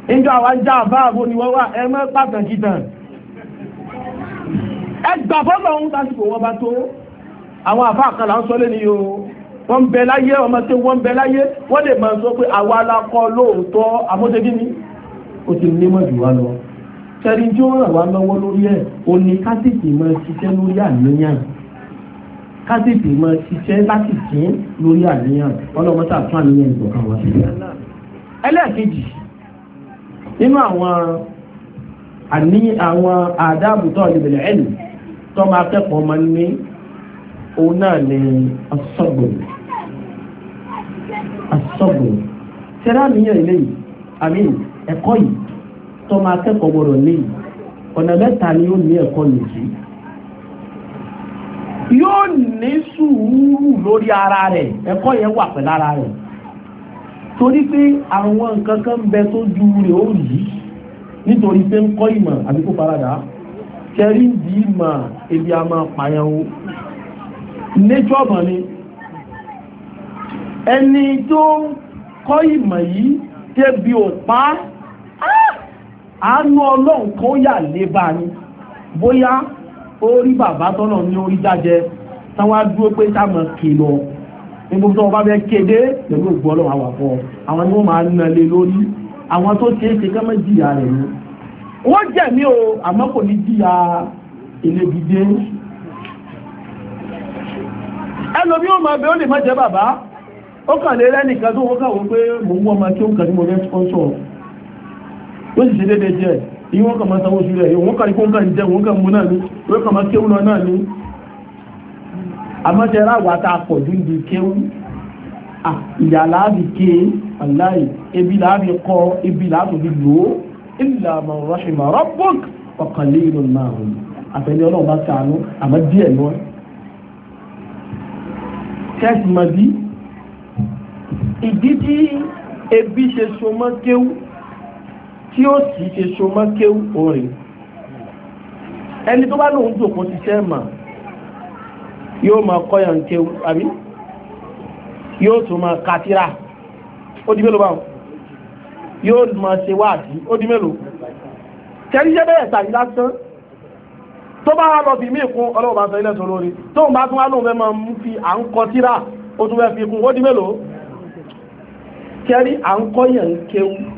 níjọ́ àwa ń já àbá àbò ni wọ́n wà ẹ mọ́ pàtàkì tàn ẹ gbà fọ́lọ́ ń tásìkò wọn bá tó àwọn àbá àkàlà ń sọ lé ní o wọ́n bẹ láyé ọmọ tí wọ́n bẹ láyé wọ́n lè máa sọ pé àwa la kọ́ lóòótọ́ àmọ́tẹ́bí ni ó ti lé mọ́ jù wá lọ sẹ́ni tí ó ràn wá lọ́wọ́ lórí ẹ̀ òní kásìkì máa ṣiṣẹ́ lórí àníyàn kásìtì mọ ṣiṣẹ́ láti dín lórí àníyàn ọlọ́mọta tún àníyàn ìgbọ̀kan wọn sí. ẹlẹ́ẹ̀kejì nínú àwọn àní àwọn àdáàbòtọ́ ìbẹ̀lẹ̀ ẹ̀lì tó máa kẹ́kọ̀ọ́ máa ní òun náà ní asọ́gbòrò asọ́gbòrò tẹ́lá àníyàn ilé yìí àmì ẹ̀kọ́ yìí tó máa kẹ́kọ̀ọ́ gbọ́dọ̀ ní ọ̀nà mẹ́ta ni ó ní ẹ̀kọ́ yìí yóò ní sùúrù lórí ara rẹ̀ ẹ̀kọ́ yẹn wà pẹ̀lú ara rẹ̀ torí pé àwọn nkankan bẹ tó ju rẹ̀ ó yìí nítorí pé ń kọ́ ìmọ̀ àbí kó faradà kẹrí ebi a máa pààyàn o ni ẹni tó kọ́ ìmọ̀ yìí débi ò pa á ọlọ́run kó yà bóyá ó rí bàbá tọ́nà ní orí jájẹ táwọn dúró pé sáàmù kìlọ̀ nígbò tó wọn bá fẹ́ kéde pẹ̀lú ògbó ọlọ́run àwàpọ̀ àwọn ni wọ́n máa ń nalé lórí àwọn tó ṣe é ṣe kẹ́mọ́ jìyà rẹ̀ ni wọ́n jẹ̀mí o àmọ́ kò ní jìyà elébìdé ẹlòmí ò máa bẹ ó lè má bàbá ó kàn lè rẹ́nìkan tó wọ́n kàwọ́ pé mò ń wọ́n máa kí ó kàn ní mo fẹ́ sponsor ó sì ṣe déédéé jẹ́ yí wọ́n kàn máa sanwó oṣù rẹ̀ wọ́n kàn kó ń kàn jẹ wọ́n kàn mú náà ní wọ́n kàn máa kéwù lọ náà ní àmọ́jẹ́ ráwà tá a pọ̀ jù ń di kéwù ìyà láàbì ké aláì ebi láàbì kọ ebi láàbì fi lò ó ìlà man rahima rabbuk wa qalilun ma hum àfẹ́lẹ́ ọlọ́run bá sàánú àmọ́ díẹ̀ lọ tẹ́sí mọ́ bí ìdí tí ebi ṣe so mọ́ tí ó sì ṣe so mọ́ kéwù orin ẹni tó bá lóun jòkó ṣiṣẹ́ mà yóò máa kọ́yàn kéwù àbí yóò tún máa kátírà ó di mélòó báwọn yóò máa ṣe wáàdí ó di mélòó tẹ́lifíṣẹ́ bẹ̀rẹ̀ tàbí lásán tó bá wá lọ bí mí kún ọlọ́wọ́ bá sọ ilẹ̀ tó lórí tó bá tún wá lóun fẹ́ máa mú fi à ń kọ tíra ó tún fẹ́ fi kún ó di mélòó kẹ́rí à ń kọ́yàn kéwù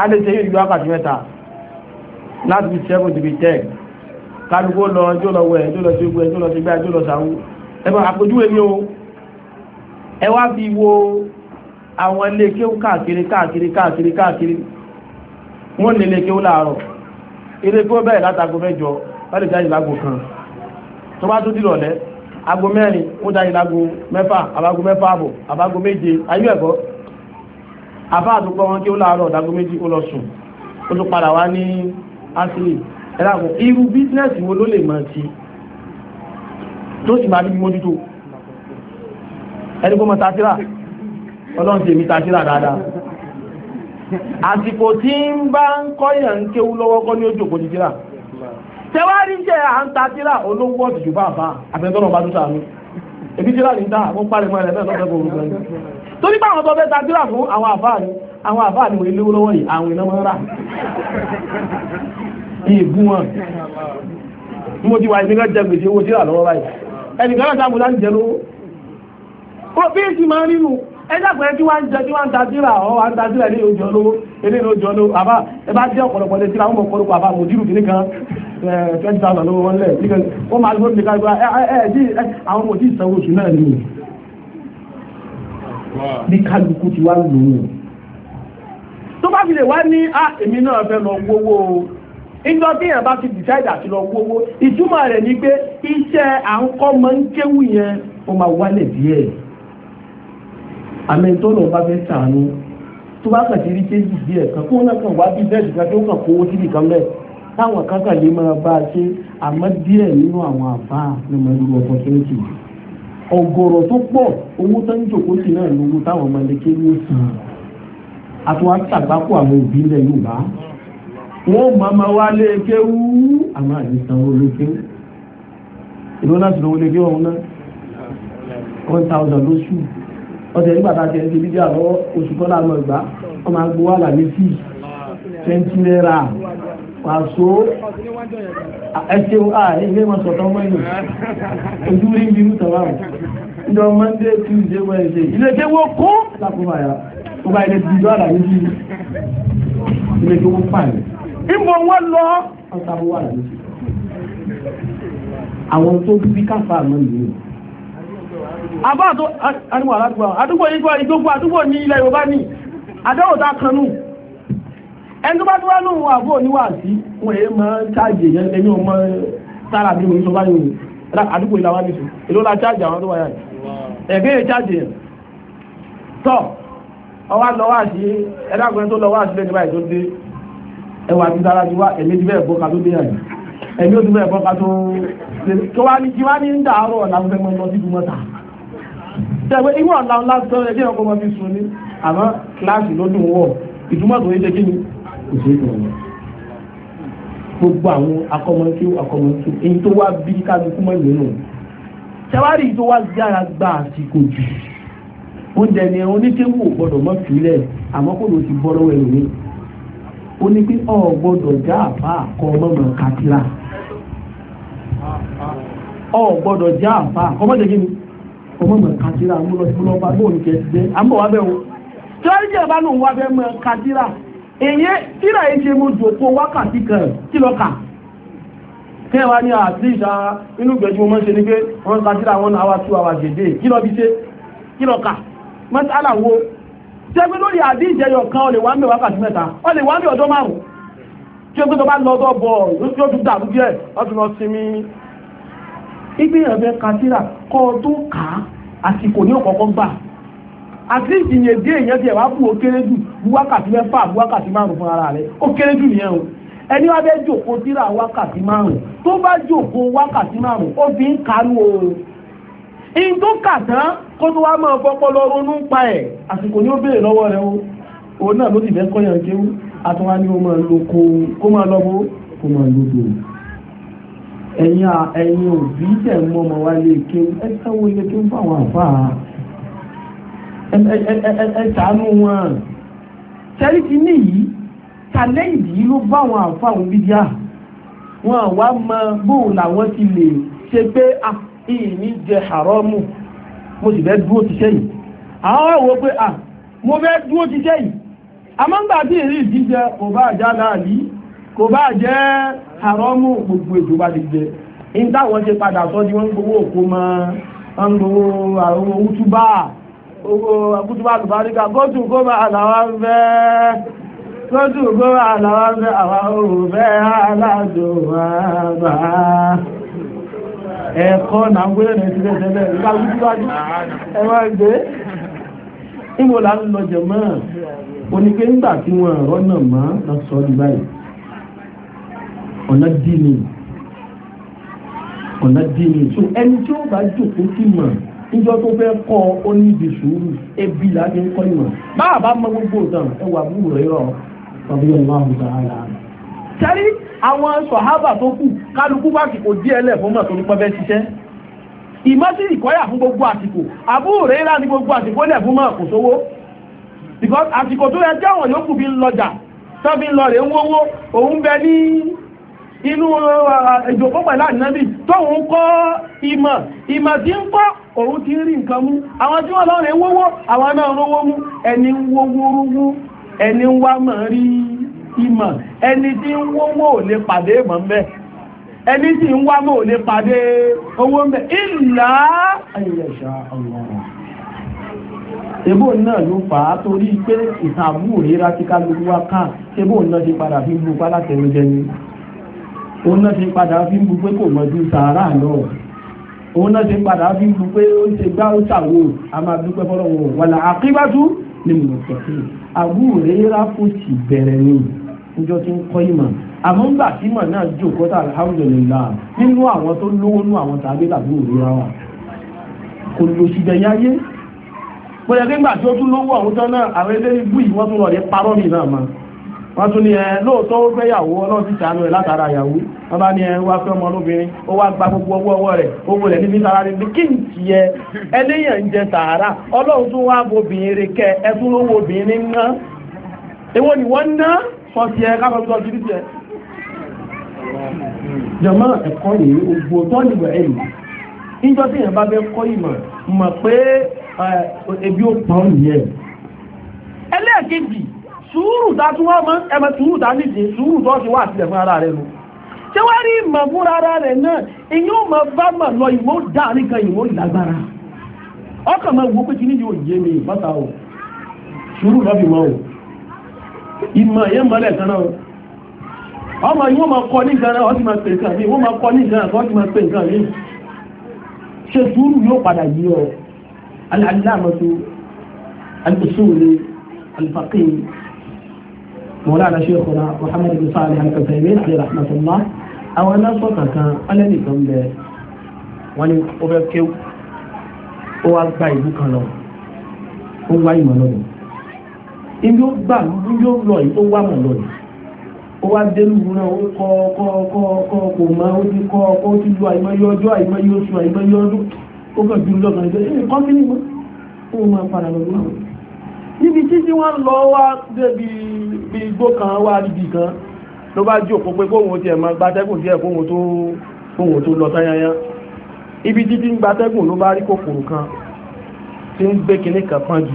a lè ṣe ìlú wákàtí mẹ́ta láti fi ṣẹ́gun ti fi tẹ́ kálukó lọ jó lọ wẹ̀ jó lọ sí gbẹ jó lọ sí gbẹ jó lọ sàwú ẹgbẹ́ àpèjúwe ni o ẹ wá fi wo àwọn ilé kéwú káàkiri káàkiri káàkiri káàkiri wọ́n lè lè kéwú láàárọ̀ ilé kéwú bẹ̀rẹ̀ látago mẹ́jọ wọ́n lè jáde kan tó bá tún àbá àdúgbò wọn kí ó láàárọ̀ ọ̀dágún méjì ó lọ sùn ó tún padà wá ní asili ẹ̀dàgbọ́ irú bísínẹ́sì wo ló lè mọ̀ sí tó sì máa níbi mójútó ẹni kó mọ tasira ọlọ́run tèmi tasira dáadáa àsìkò tí ń bá ń kọ́yàn ń kéwú lọ́wọ́ kọ́ ní ojú òkòjì tíra tẹwárí jẹ́ à ń ta tíra olówó ọ̀tìjú bá àbá àbẹ̀ntọ́nà bá tó sàánú ebi tíra ní ta àkópa rẹ̀ ẹ̀rẹ́ bẹ́ẹ̀ lọ́sẹ̀ torí pé àwọn tọ́fẹ́ tàbílà fún àwọn àfáà ni àwọn àfáà ni wọ́n ilé lọ́wọ́ yìí àwọn iná mọ́ra ìbú wọn mo ti wà ìpínlẹ̀ jẹ gbèsè owó sílà lọ́wọ́ báyìí ẹnìkan náà sáàmù láti jẹ lówó ó bí ìsì máa nínú ẹjá pẹ̀lú tí wọ́n jẹ tí wọ́n ta sílà ọ̀ wọ́n ta sílà ní ojú ọlọ́wọ́ ilé ní ojú ọlọ́wọ́ àbá ẹ bá jẹ́ ọ̀pọ̀lọpọ̀ lé sílà ọmọ ọ̀pọ̀lọpọ̀ àbá mo dírù kìnnì kan twenty thousand lọ́wọ́ wọn lẹ̀ wọ́n máa lọ́wọ́ nípa ẹ̀ ẹ̀ àwọn ọmọ òjì ìsanwó oṣù náà nìyí ní kálukú ti wá lòun tó bá fi lè wá ní à ah, èmi náà fẹ́ lọ wówó o ìjọ tí èèyàn bá ti decide àti lọ wówó ìtumọ̀ rẹ̀ ni pé iṣẹ́ à ń kọ́ mọ́ ń kéwù yẹn ó máa wálẹ̀ díẹ̀ àmì tó lọ́ọ́ bá fẹ́ sàánú tó bá kàn ti rí kéjì díẹ̀ kan kó náà kàn wá bíbẹ́ẹ̀sì kan tó kàn kówó síbi kan bẹ́ẹ̀ táwọn kan kàn lè máa bá a ṣe àmọ́ díẹ̀ nínú àwọn àbá ni mo ń lo opportunity yìí ọ̀gọ̀rọ̀ tó pọ̀ owó tó ń jòkó sí náà lówó táwọn ọmọ ilé kéwì ó sì àtúwá ṣàgbákò àwọn òbí ilẹ̀ Yorùbá wọ́n máma wá lé kéwú àmọ́ àdìsanwó ló kéwú ìlú náà lówó lé kéwú ọ̀hún náà one thousand lóṣù ọ̀sẹ̀ nígbà tá a tẹ̀ ń ṣe bíbí àlọ́ oṣù kọ́lá lọ ìgbà wọ́n máa gbowó àlàyé sí twenty naira pàṣó ẹ̀ṣẹ̀ ilé mọ̀sọ̀tọ̀ mọ́yìn ojú rí bí mú tọ̀wà ìjọ monday tuesday wednesday ilé tẹ́ wó kó lápúbà ya ó bá ilé ti jọ àlàyé sí ilé tó wó pààlẹ̀ ìmọ̀ wọ́n lọ ọ̀tàbó wà láyé sí àwọn tó bí káfà mọ́ nìyí àbá àdúgbò àdúgbò ní ilẹ̀ Yorùbá ní àdáwò tá kanú ẹni bá tó wá lóhun oníwà sí wọn èé máa ń ṣáàjì èèyàn ẹni ọmọ sára bí oníṣọ bá yòó àdúgbò ìlà wa nìṣó èló la ṣáàjì àwọn tó wáyà yìí ẹgbẹ́ yẹn ṣáàjì yẹn tọ ọwá lọ́wọ́ àṣì tó lọ́wọ́ àṣì lẹ́nu báyìí tó wá ẹ̀mí ti bẹ́ẹ̀ bọ́ ká tó dé yàrá ẹ̀mí ó ti bẹ́ẹ̀ bọ́ ká tó tó wá ní wá ní ń ọ̀la fẹ́ mọ́ sí gbọmọ́ta tẹ̀wé ọ̀la ńlá sọ ẹgbẹ́ ọkọ̀ mọ́ fi sùn ní àmọ́ kíláàsì kò sí ìtàn wọn gbogbo àwọn akọmọkí akọmọkí èyí tó wá bí kálukú mọ́ ìlú náà ṣàwárí tó wá yára gba àsìkò jù oúnjẹ ni oníkéwò gbọdọ̀ mọ́ fìlẹ̀ àmọ́ kò ló ti bọ́ lọ́wọ́ ẹ̀rọ ó ní pé ọ gbọ́dọ̀ já àfa àkọ ọmọọmọ kátìlá ọ gbọ́dọ̀ já àfa àkọ ọmọdé gíní ọmọọmọ kátìlá múlọba bóun kẹ ti dé àmọ́ wà bẹ́ẹ̀ o tí wọ́n ní jẹ́ ìbánu wà bẹ́ẹ̀ mọ́ kátìlá èyẹ kíra yìí ṣe mo jòkó wákàtí kan kí lọ kà kí ẹ wá ní àti ìṣà ah, inú gbẹ̀jú mọ́ ṣe ni pé wọ́n ta síra wọn àwa tú àwa jèdè kí lọ bí ṣe kí lọ kà mọ́sálà wo ṣé pé lórí àdí ìjẹyọ kan ó lè wá ń bẹ wákàtí mẹ́ta ó lè wá ń bẹ ọjọ́ márùn-ún tí ó àti ìyẹn bí èèyàn tiẹ̀ wá fún o kéré jù wákàtí mẹ́fà wákàtí márùn fún ara rẹ̀ ó kéré jù nìyẹn o ẹni wá bẹ́ẹ̀ jòkó tíra wákàtí márùn tó bá jòkó wákàtí márùn ó fi ń kánú o in tó kà tán kó tó wá máa fọpọlọ ronú pa ẹ̀ àsìkò ni ó béèrè lọ́wọ́ rẹ̀ o òun náà ló sì fẹ́ kọ́yàn kéwú àtúnwá ni ó máa lo kó máa lọ́wọ́ kó máa lódò ẹ̀yin òbí tẹ̀ ń mọ́ ọmọ wa lè kéwú ẹ sáwó ilé ẹ̀ẹ́sàánú wọn tẹ́lí ti ní yìí tàlẹ́yìn yìí ló bá wọn àfáwọn bídíà wọn wá mọ bóun làwọn ti lè ṣe pé à ìní jẹ haramu mo sì fẹ́ dúró ti sẹ́yìn àwọn wo pé à mo fẹ́ dúró ti sẹ́yìn àmọ́ ń gbà tí èrí ìdíjẹ kò bá àjá láàlí kò bá jẹ́ haramu gbogbo Ogo akútúbà àlùbáríkà kóòtù kó bá àlàwà ń fẹ́ kóòtù kó bá àlàwà ń fẹ́ àwa òun fẹ́ aláàjò wà bá ẹ̀kọ́ náà ń gbélé ní ìdílé tẹ́lẹ̀ ìgbà akútúbà ẹ máa gbé níbo là ń lọ jẹ̀mọ́ onígbé nígbà tí wọ́n ọ̀nà dì ọ̀nà dì ní so ẹni tí ó bá jòkó sí mọ̀ níjọ́ tó fẹ́ kọ́ ó ní ìdè sùúrù ebi láti ń kọ́ ìmọ̀ báà bá mọ gbogbo ìtàn ẹwà búrú rẹ̀ rọ̀ ọ̀bí ọ̀lá ọ̀dà ara. sẹ́rí àwọn sọ̀hábà tó kù kálukú bá kìkò díẹ̀ lẹ̀ fún mọ̀ torí pẹ́fẹ́ ṣiṣẹ́ ìmọ̀sí ìkọ́yà fún gbogbo àsìkò àbúrò rẹ̀ rà ní gbogbo àsìkò lẹ̀ fún mọ̀ kò sówó àsìkò tó yẹ jẹ́ àwọn yòókù bí ń lọjà tó fi ń lọ rè ń wówó òun bẹ ní inú uh, ìjòkó pẹ̀lú ànábì tóun kọ́ ìmọ̀ ìmọ̀ tí ń kọ́ òun ti rí nǹkan mú àwọn tí wọ́n lọ rẹ̀ wówó àwọn náà rówó mú ẹni wówórówó ẹni wá mọ̀ rí ìmọ̀ ẹni tí ń wówó ò lè pàdé ìmọ̀ ń bẹ ẹni tí ń wá mọ̀ ò lè pàdé owó ń ìlà ayẹ̀ṣà náà ló fà torí pé ìtàbù òrera tí kálukú wá kàn tẹ́bọ̀ náà ti padà fi gbogbo alátẹ̀wẹ́jẹ ni òun náà ti padà fi ń bu pé kò mọ̀jú sàárà lọ òun náà ti padà fi ń bu pé ó ń gbá ó ṣàwò a máa dúpẹ́ fọlọ́wọ́ wàlà àkíbátú ni mo sọ pé àbúrò rẹ́rà kò sì bẹ̀rẹ̀ ni níjọ́ tí ń kọ́ ìmọ̀ àmọ́ ń gbà tí ìmọ̀ náà jókòó tà alhamdulillah nínú àwọn tó lówó nú àwọn tàbí làbúrò rẹ́rà wà kò lò sí jẹyáyé bóyá nígbà tí ó tún lówó àwọn náà àwọn eléyìí bú ìwọ́n tún lọ wọ́n tún ní ẹ lóòótọ́ ó fẹ́ yàwó ọlọ́run ti sàánú látara yàwó wọ́n bá ní ẹ wá fẹ́ ọmọ olóbìnrin ó wá gba gbogbo ọwọ́ ọwọ́ rẹ̀ ó wọlẹ̀ níbi sára níbi kí n ti yẹ sùúrù dátún wọ́n mọ́ ẹmọ sùúrù dánìjì sùúrù tó ti wà sílẹ̀ fún ara rẹ̀ lọ ṣé wọ́n rí ìmọ̀ fún ara rẹ̀ náà ìyẹn ò mọ̀ bá mọ̀ lọ ìwó dá nìkan ìwó ìlágbára ọkàn mọ̀ wo pé kí níyìí mi ìbáta o sùúrù lọ́bì mọ́ o ìmọ̀ yẹn mọ́lẹ̀ kan náà ọmọ yìí wọ́n máa ní ìgbàna ọdún máa pè nǹkan mi wọ́n máa kọ́ ní ìgbàna ọdún máa pè nǹkan mi ṣe sùúrù yóò padà yí ọ aláàmọ́tò alùsùn ní alùfàkì مولانا شيخنا محمد بن صالح العثيمين عليه رحمة الله àwọn aláṣọ́kà kan alẹ́nìkan bẹ wọ́n ní ó fẹ́ kí ó wá gba ìlú kan lọ ó wá ìmọ̀ lọ́dọ̀ ibi ó gbà ibi ó lọ yìí ó wá mọ̀ lọ́dọ̀ ó wá délùú náà ó kọ́ kọ́ kọ́ kọ́ kò mọ́ ó ti kọ́ kọ́ ó ti lu àìmọye ọjọ́ àìmọye oṣù àìmọye ọdún ó kàn ju lọ́kàn ìjọ ẹ̀ kọ́ kí ni mo ó máa padà lọ́dún níbi títí wọ́n lọ wá débi bí igbó kan wá níbi kan ló bá jí òpó pé kóhun ti ẹ̀ máa gbatẹ́gùn díẹ̀ kóhun tó kóhun tó lọ sáyányán ibi títí ń gbatẹ́gùn ló bá rí kòkòrò kan tí ń gbé kinní kan pọ́n jù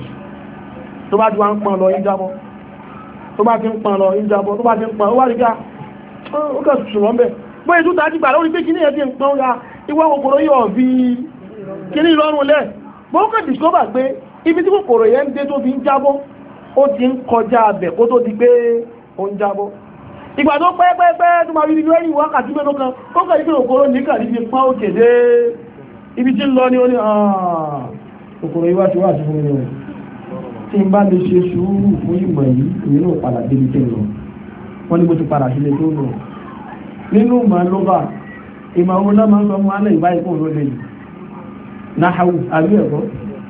tó bá ti wá ń pọ́n lọ ń jábọ́ tó bá ti ń pọ́n lọ ń jábọ́ tó bá ti ń pọ́n ó wá rí ká ah, ó kàn sùn bẹ́ẹ̀ bóyá tó tàbí gbà lórí pé kinní yẹn ti ń pọ́n ya ìwọ kòkòrò yóò fi kinní lọ́rùn lẹ̀ bó kàn discover pé ibi tí kòkòrò yẹn ń dé tó fi ń jábọ́ ó ti ń kọjá abẹ̀ kó tó di pé ó ń jábọ́ ìgbà tó pẹ́ẹ́pẹ́ẹ́pẹ́ tó máa rí ibi wákàtí kan ó kàrí pé òkòrò ní kàrí pán ibi tí ń lọ ní ó ní ah, òkòrò ti wá sí fún tí n bá lè ṣe sùúrù fún ìmọ̀ yìí èmi náà padà débi tẹ̀ lọ wọ́n ní mo ti padà sílé tó lọ nínú ìmọ̀ ló ìmọ̀ náà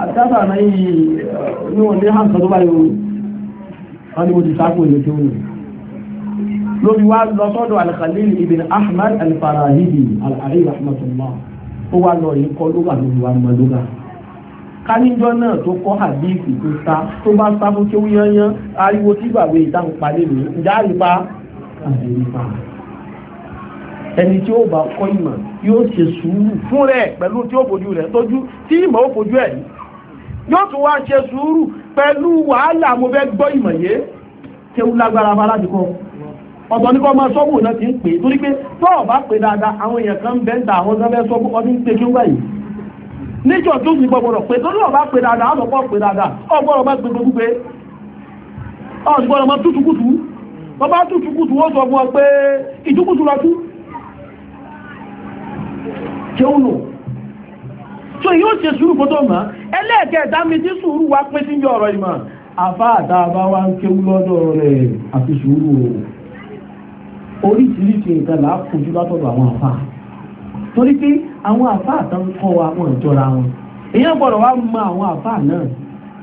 àtàtà náà yìí níwọ̀n ní hàn sọ́dọ́ báyìí wọ́n ni mo ti sáàkù ìlú tí ó wù lórí wá lọ sọ́dọ̀ al-Khalil ibn Ahmad al-Farahidi al-ari rahmatullah ó wá lọ yìí kọ́ lóga lórí wa mọ́ lóga káníjọ́ náà tó kọ́ hadith tó sá tó bá sá fún kéwú yányán ariwo tí gbàgbé ìdáhùn palẹ̀ mi ìdá àrípa àrípa ẹni tí ó bá kọ́ ìmọ̀ yóò ṣe sùúrù fún rẹ̀ pẹ̀lú tí ó fojú rẹ̀ tójú tí ìmọ̀ ó fojú ẹ̀ yóò tún wá ṣe sùúrù pẹ̀lú wàhálà mo fẹ́ gbọ́ ìmọ̀yé kéwú lágbára bá láti kọ́ ọ̀tọ̀ ní kọ́ máa sọ́gbò náà ti ń pè torí pé tọ́ọ̀ bá pè dáadáa àwọn èèyàn kan bẹ́ ń ta àwọn tó fẹ́ sọ́gbò ọdún pé kí ó wáyé níjọ tó sì gbọ́gbọ́rọ̀ pé tó lọ́ọ̀ bá pè dáadáa àbọ̀pọ̀ pè dáadáa ọgbọ́rọ̀ bá gbogbo pé ọgbọ́rọ̀ mọ́ tútukùtù wọ́n bá tútukùtù wọ́n sọ fún ọ pé ìtukùtù lọ tú kéwù nù so yóò ṣe sùúrù kó tó mi tí sùúrù sí ọ̀rọ̀ ìmọ̀ ń kéwú lọ́dọ̀ rẹ̀ àti sùúrù o oríṣiríṣi nǹkan là á fojú látọ̀dọ̀ àwọn àfa torí pé àwọn àtàn kọ́ wa wọn jọra wọn èèyàn gbọ́dọ̀ wá mọ àwọn àfa náà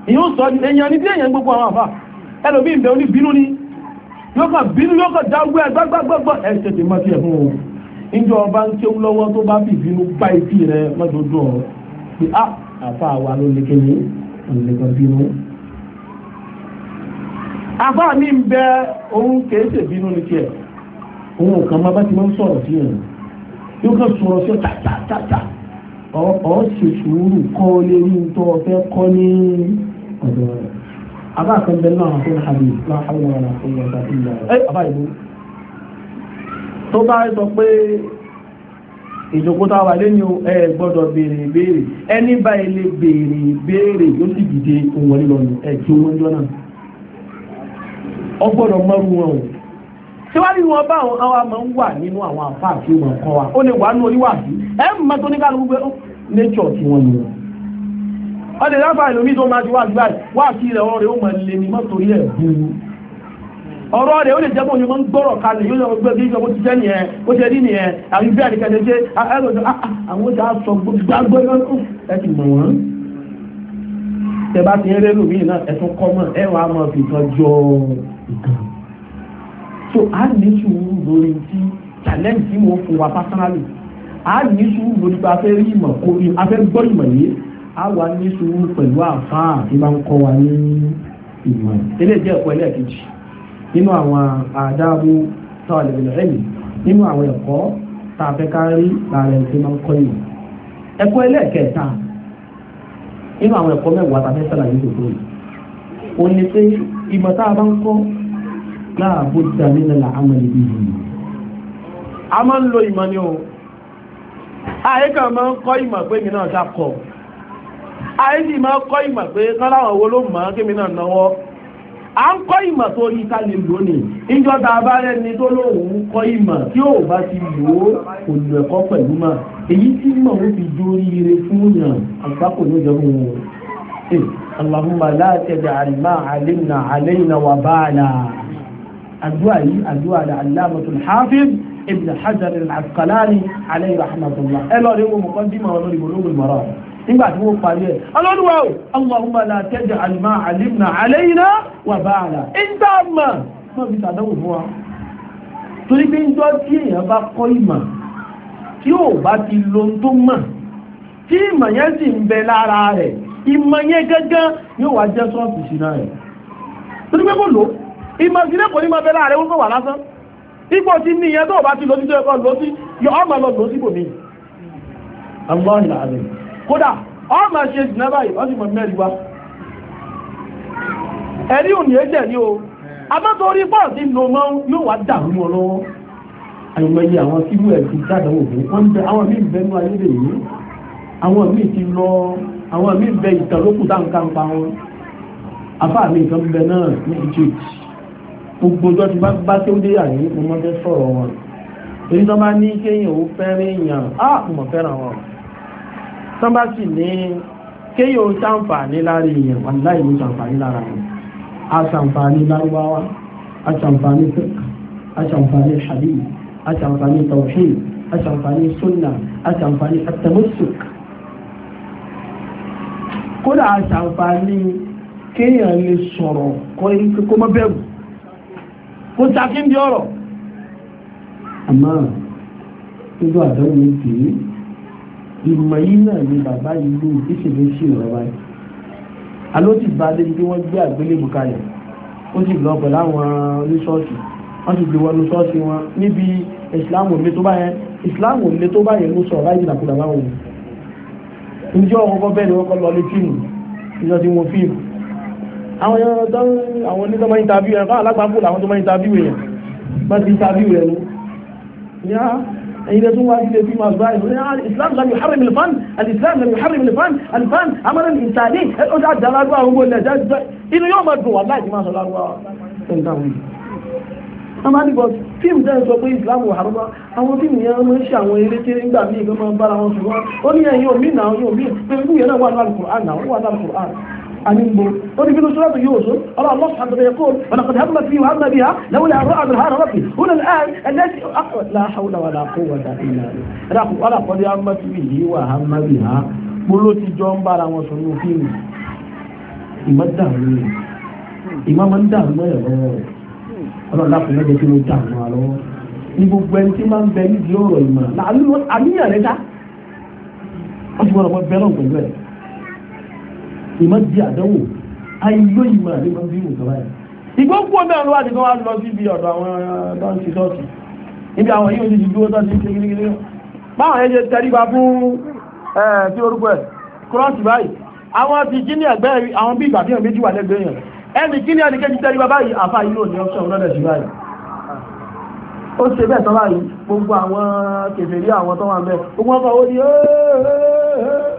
èèyàn sọ èèyàn ní bí èèyàn gbogbo àwọn ẹlòmíì ń bẹ ni bínú mọ́ fún o níjọ ń kéwú lọ́wọ́ tó bá rẹ mọ́jọ́jọ́ ọ̀rọ̀ pé á ah, àfa àwa ló lé kéne òǹlẹ̀kọ̀ bínú. àfa mi ń bẹ òun kìí ṣe bínú ní tiẹ̀ òun ò kàn máa bá ti máa ń sọ̀rọ̀ sí yẹn yóò kàn sọ̀rọ̀ sí tàtàtàtà ọ̀ ṣe sùúrù kọ́ lé ní tó ọ̀fẹ́ kan bẹ náà àfọwọ́ àbí láhàwọ̀ tó pé ìjókòtà wà lẹ́ni ẹ gbọ́dọ̀ bèèrè béèrè ẹni báyìí lè bèèrè béèrè l'ó sì dìde ẹ tí jọ náà ọ gbọ́dọ̀ mọ́rú wọn o síwájú wọn bá àwọn awa ma ń wà nínú àwọn àfa àti wa ó lè wà ní mọ tó ní kálukú pé tí ọdẹ láfa tó máa ti wá ọ̀rọ̀ rẹ̀ ó lè jẹ́ bóyá wọ́n ń gbọ́rọ̀ kalẹ̀ yóò lọ́wọ́ gbé bíjọ́ bó ti jẹ́ nìyẹn bó ṣe rí nìyẹn ah, ah, ah, àwọn ibi àdìkẹ́ ṣe ṣe àwọn oṣù àṣọ gbogbo ẹ ti mọ̀ wọ́n. tẹ bá ti ń rẹ́rù mí náà ẹ tún kọ́ mọ̀ ẹ wàá mọ̀ fi kan jọ ìkan. so a ní sùúrù lórí ti challenge tí mo fún wa personally a ní sùúrù lórí pé a fẹ́ rí ìmọ̀ kó a fẹ́ gbọ́ ìmọ̀ yìí a wà ní sùúrù pẹ̀lú àfáà tí máa ń kọ́ wa ní ìmọ̀ eléyìí jẹ́ ẹ̀kọ́ ẹlẹ́ẹ̀kejì nínú àwọn àdáàbò talibul ilm nínú àwọn ẹ̀kọ́ tá a fẹ́ kárí lára ẹni tí máa ń kọ́ ìmọ̀ ẹ̀kọ́ ẹlẹ́ẹ̀kẹta nínú àwọn ẹ̀kọ́ mẹ́wàá tá a fẹ́ sàlàyé gbogbo yìí ó ní pé ìmọ̀ tá a bá ń kọ́ láàbò dání nílà àmọ́ níbi yìí a máa ń lo ìmọ̀ ni o àyíká máa ń kọ́ ìmọ̀ pé mi náà sá kọ́ àyíká máa ń kọ́ ìmọ̀ pé kọ́láwọn wo ló a ń kọ́ ìmọ̀ tó yí ká lè lò ní ìjọba abárẹ́ ni tó lóòrùn kọ́ ìmọ̀ tí ó bá ti lò ó kò lù ẹ̀kọ́ pẹ̀lú mà èyí tí mọ̀ ó fi ju oríire fún yàn àgbákò ní ìjọba nígbà tí wọ́n parí ẹ̀ ọlọ́dúnwà ò Allahumma la taj'al alima 'alimna 'alayna wabala ìgbà mọ̀ mọ̀ fi sàdánwò fún wa torí pé ń jọ tí èèyàn bá kọ́ ìmọ̀ ti lo tó mọ̀ tí ìmọ̀ yẹn sì ń bẹ lára rẹ̀ ìmọ̀ yẹn gẹ́gẹ́ yóò wá jẹ́ sọ́ọ̀tù rẹ̀ torí pé kò lò ìmọ̀ sílẹ̀ kò ní máa bẹ wà lásán ipò tí ní kódà ọ ma ṣe jìnà báyìí ọ sì mọ̀ mẹ́rin wá ẹ̀rí òní ẹ̀jẹ̀ ní o amọ́torí pọ́ọ̀sì ló mọ́ yóò wá dàrú mọ́ lọ́wọ́ àyọ̀mọ̀yẹ àwọn tí wọ́n ti sádàwọ̀ fún wọ́n bẹ àwọn míì bẹnu ayédè yìí àwọn míì ti lọ àwọn míì bẹ ìtàlókù táǹkà ń pa wọn afá mi kan bẹ náà ní egypt gbogbo ọjọ́ ti bá bá tí ó dé àyè mo mọ́ fẹ́ sọ̀rọ̀ wọn èyí tó bá ní kéèyàn ó fẹ́ràn èèyàn á fẹ́ràn wọn tán bá sì ní kéyò sàǹfààní lára èèyàn wà láì mú sàǹfààní lára rẹ̀ asàǹfààní lárúbáwá asàǹfààní fiqh asàǹfààní hadith asàǹfààní tawhid asàǹfààní sunna asàǹfààní at-tamassuk kódà asàǹfààní kéèyàn lè sọ̀rọ̀ kó má bẹ̀rù kó takí ń bí ọ̀rọ̀ àmọ́ nígbà àdáwò ń pè é ìmọ̀ yìí náà ni bàbá yìí ló ìṣèlú sí ọ̀rọ̀ báyìí aló ti bá débi bí wọ́n gbé àgbélébù kalẹ̀ ó sì lọ pẹ̀lú àwọn oníṣọ́ọ̀ṣì wọ́n sì gbé wọnú ṣọ́ọ̀ṣì wọn níbi ìsìláàmù òmìnir tó bá yẹn ìsìláàmù òmìnir tó bá yẹn ló sọ ọ̀rá ìdìlàkudà báwọn ǹjẹ́ ọkọ̀ kọ́ bẹ́ẹ̀ ni wọ́n kọ́ lọ lé fíìmù ìjọ ti wọn fíìmù àwọn èèyàn tó àwọn oníṣọ́ máa ń tàbí ẹ̀ fáwọn alágbàbọ̀ làwọn tó máa ń tàbí bá ti tàbí ẹ̀ lọ إذا ثم أجد فيما أصبعه الإسلام لم يحرم الفن الإسلام لم يحرم الفن الفن أمرا إنساني أدعى الدلال وهو إنه يوم أدعو والله ما صلى الله عليه وسلم àmà nígbà fíìmù tẹ́ sọ pé ìsìlámù àrùbá àwọn fíìmù yẹn mọ́ ṣe àwọn eré kéré nígbà míì gan máa ń bára wọn ṣùgbọ́n ó ní ẹ̀yìn òmìnà òyìn òmìnà pé gbúyẹ̀ náà wà ní náà wà ní أنبو في سورة يوسف الله الله سبحانه وتعالى يقول ولقد هم فيه وهم بها لولا أن رأى بالهار ربي هنا الآن الناس لا حول ولا قوة إلا بالله قد هم فيه وهم بها بلوتي جون بارا وصنو فيه إما الدهر إما من دهر ما يرى الله لا قوة إلا بالله ní gbogbo ẹni tí máa ń bẹ nídìí ọ̀rọ̀ ìmọ̀ àníyàn rẹ̀ dá wọ́n ti gbọ́dọ̀ mọ bẹ́ẹ̀ náà pẹ̀lú ẹ̀ ìmọ̀ di àdánwò àìló ìmọ̀ àti ìmọ̀ bí nǹkan báyìí. ìgbókù omi ọ̀rọ̀ wà nìkan wá lọ sí ibi ọ̀dọ̀ àwọn dọ́ǹtì dọ́ǹtì níbi àwọn yìí ó ti di dúró tó ti ṣe kiri báwọn ẹ̀jẹ̀ tẹríba fún tí orúkọ ẹ̀ kúrọ́ọ̀sì báyìí àwọn ti kí ní ẹgbẹ́ àwọn bí ìgbà bíyàn méjì wà lẹ́gbẹ̀ẹ́ yẹn ẹni kí ní ẹnikẹ́ni tẹríba báyìí àfa yìí ò ní ọ́ṣọ́ lọ́dẹ̀ sí báyìí ó ṣe bẹ́ẹ̀ tán báyìí gbogbo àwọn kèfèrí àwọn tó wà ń bẹ gbogbo ọkọ̀ ó ní ẹ́ẹ̀ẹ́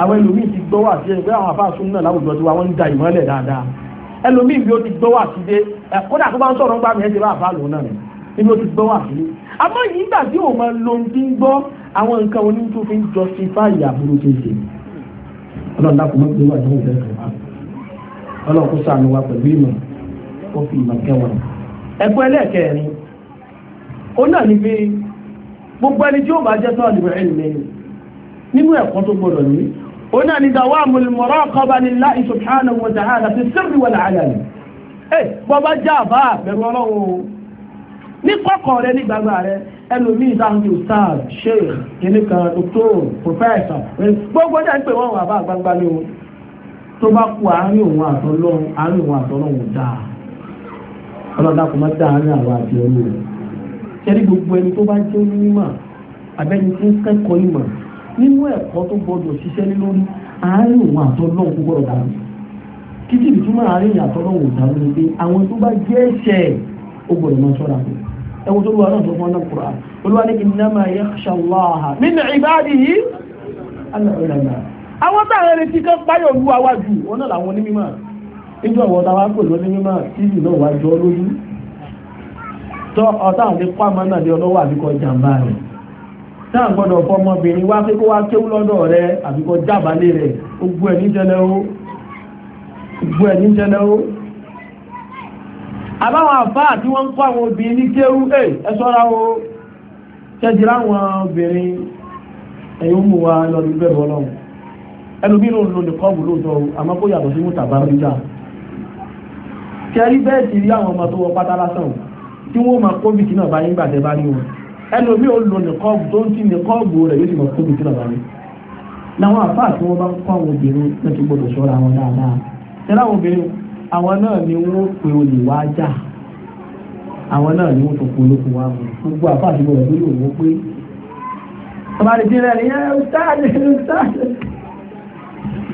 àwọn ẹlòmíì ti gbọ́ wà sí ẹ pé àwọn àfáà súnmọ́ láwùjọ tiwa wọ́n ń da ìmọ́lẹ̀ dáadáa ẹlòmíì bí ó ti gbọ́ wà sí dé kódà tó bá ń sọ̀rọ̀ ńgbà mi ẹ ti bá àfáà lòun náà rẹ̀ ibi ó ti gbọ́ wà sí. àmọ́ yìí gbà tí òun máa lo ti ń gbọ́ àwọn nǹkan oní tó fi ń justify àbúrò tó ṣe. ọlọ́run dákun mọ́ pé wà ní ìfẹ́ kan ọlọ́run kó sànù wa pẹ̀lú ìmọ̀ ó fi ìmọ̀ kẹwàá. ẹgbẹ́ ẹlẹ́ẹ̀kẹrin ó náà ní pé gbogbo ẹni tí ó bá jẹ́ sọ́ọ̀dù rẹ̀ nìyẹn nínú ẹ̀kọ́ tó gbọdọ̀ ní ó náà ní dawamul muraqaba lillahi wọn wa ta'ala fi sirri wal alani ẹ bọ́bá já àbá bẹ̀rù ọlọ́run ní kọ́kọ́ rẹ ní gbàgbà rẹ ẹlòmíì dáhùn ju sáà sheikh kìnnì kan doctor professor gbogbo dá ń pè wọ́n wà bá gbangba o tó bá kú àárín òun àtọ́lọ́run àárín òun àtọ́lọ́run dáa ọlọ́dà kò má dáa ní àwọn àti ṣẹ́ni nínú ẹ̀kọ́ tó gbọdọ̀ ṣiṣẹ́ lori lórí àárín òun àtọ́lọ́ kó gbọdọ̀ dàrú títí ìtumọ̀ àárín àtọ́lọ́ òun dàrú ni pé àwọn tó bá jẹ́ ẹ̀ṣẹ̀ ó gbọdọ̀ máa ṣọ́ra pé ẹwọ́n tó lù náà tó fún ọ́nà kúrò olúwa ní innama yakhsha Allaha min ibadihi al-ulama àwọn táwọn ẹni kan páyọ̀ jù wọn náà làwọn pè lọ náà náà gbọ́dọ̀ fọmọbìnrin wá pé kó wá kéwú lọ́dọ̀ rẹ àbíkọ jábálé rẹ gbogbo ẹ̀ níjẹlẹ o gbogbo ẹ̀ níjẹlẹ o àbáwọn àfáà tí wọ́n ń kọ́ àwọn obìnrin ní kéwú ẹ̀ ẹ sọ́ra o ṣẹ́jì láwọn obìnrin ẹ̀yọ́ mú wa lọ ní bẹ́ẹ̀ bọ́lọ́ ẹlòmí ló ń lo nìkan bù lóòótọ́ o àmọ́ kó yàtọ̀ sí mùtàbá ríjà kẹrí bẹ́ẹ̀ ti rí àwọn ọmọ tó wọ o tí wọ́n máa kó bìtì náà bá yín gbàdẹ́ bá rí wọn ẹlòmí ò lò nìkọ́ọ̀bù tó ń ti nìkọ́ọ̀bù rẹ̀ yóò sì mọ̀ tóbi tí lọ́ba rẹ̀ làwọn àfáà tí wọ́n bá ń kọ́ àwọn obìnrin náà ti gbọ́dọ̀ ṣọ́ra wọn dáadáa tẹ́lá àwọn obìnrin àwọn náà ni wọ́n pe olè wá jà àwọn náà ni wọ́n tó pe olókùn wá mọ̀ gbogbo àfáà tí gbọ́dọ̀ lórí òun pé ọba rẹ̀ ti rẹ̀ ní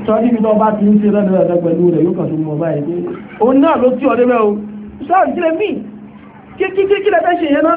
sọ́ọ́dí ibi tó bá ti ń ṣe lọ́dọ̀ ọ̀dọ̀ pẹ̀lú rẹ̀ yóò kàn tó mọ̀ báyìí pé òun náà ló tí ọdẹ bẹ́ẹ̀ o sọ́ọ́dí kílẹ̀ mí kí kí kí kílẹ̀ fẹ́ ṣe yẹn náà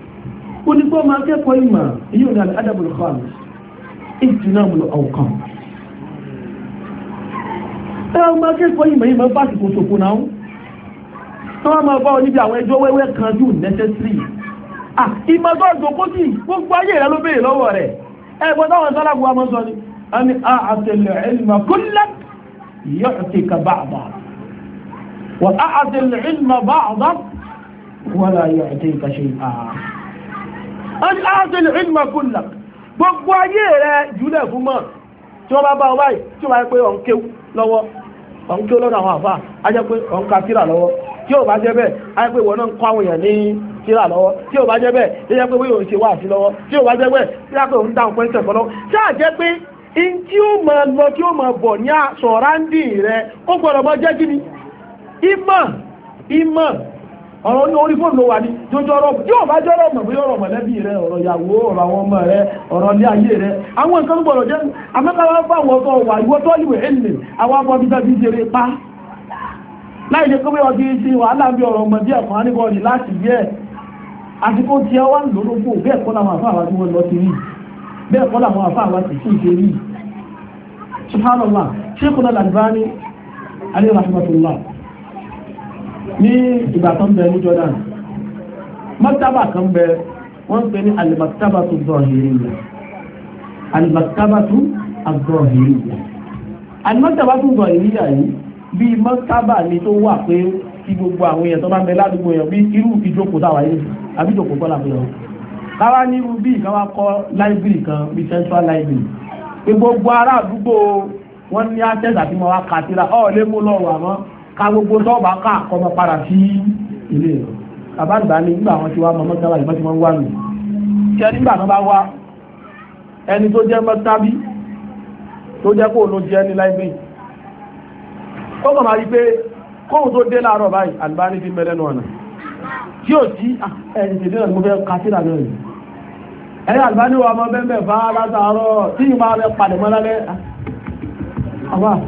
ó ní kó máa kẹ́kọ̀ọ́ ìmọ̀ èyí ò ní al-adabul khamis ìtìnàmùlò ọ̀kan ẹ ọ máa kẹ́kọ̀ọ́ ìmọ̀ ìmọ̀ bá ti kò ṣòfò náà wọ́n máa bá ọ níbi àwọn ẹjọ́ wẹ́wẹ́ kan dùn necessary ah ìmọ̀ tó ọ̀dọ́kó gbogbo ayé rẹ ló béèrè lọ́wọ́ rẹ̀ ẹ ọ́sìn ìlmà kùnlà gbogbo ayé rẹ̀ jùlẹ̀ fún mọ́ tí wọ́n bá bá ọba yìí tí wọ́n bá pé ọ̀nkéw lọ́wọ́ ọ̀nkéw lọ́nà àwọn àfà á jẹ́ pé ọ̀nka tíra lọ́wọ́ tí ò bá jẹ́ bẹ́ẹ̀ á jẹ́ pé ìwọ náà ń kọ́ ní tíra lọ́wọ́ ọ̀rọ̀ ní orí fóònù ló wà ní jọjọ ọ̀rọ̀ yóò bá jọ́rọ̀ mọ̀ bí ọ̀rọ̀ mọ̀lẹ́bí rẹ ọ̀rọ̀ ìyàwó ọ̀rọ̀ àwọn ọmọ rẹ ọ̀rọ̀ ní ayé rẹ àwọn nǹkan tó jẹ́ amẹ́kọ̀ọ́ fún àwọn ọkọ̀ wà ìwọ́ tó ẹ̀lẹ̀ àwọn pa láì ọdí sí wàhálà bí ọ̀rọ̀ ọmọ bí ẹ̀kọ́ láti làwọn tí wọ́n lọ ti rí làwọn ní ìgbà kan bẹ ní Jordan mọ́tàbà kan bẹ wọ́n pè ní alimaktabatu zọ̀hìrìyà alimaktabatu zọ̀hìrìyà alimaktabatu zọ̀hìrìyà yìí bí mọ́tàbà ni tó wà pé kí gbogbo àwọn èèyàn tó bá ń bẹ ládùúgbò èèyàn bí irú ìjókòó táwa yìí àbí ìjókòó kọ́ làbẹ̀ wọn káwá ní irú bí káwá kọ́ láìbìrì kan bí central library pé gbogbo ará àdúgbò wọn ní access àti mọ́ wá kàtìrà ọ̀ lé mú lọ́rùn àmọ́ ká gbogbo tọ́ọ̀bà ká kọ́mọ padà sí ilé rẹ̀ bàbá àgbà ni nígbà wọn ti wá mọ mọ́tàbà ìbọn tí wọ́n wá nù ṣe nígbà tó bá wá ẹni tó jẹ́ mọ́tàbí tó jẹ́ kó ló jẹ́ ní láìpẹ́ ó mọ̀ máa rí pé kóhùn tó dé láàárọ̀ báyìí àgbà ní fi mẹ́lẹ́nu ọ̀nà tí ó sí ah, ẹni tètè náà ni mo fẹ́ ka sí làbẹ́ rẹ̀ ẹ̀yà àgbà ní wa mọ́ bẹ́ẹ̀ bẹ́ẹ̀ fà látàárọ̀ tí ìmọ̀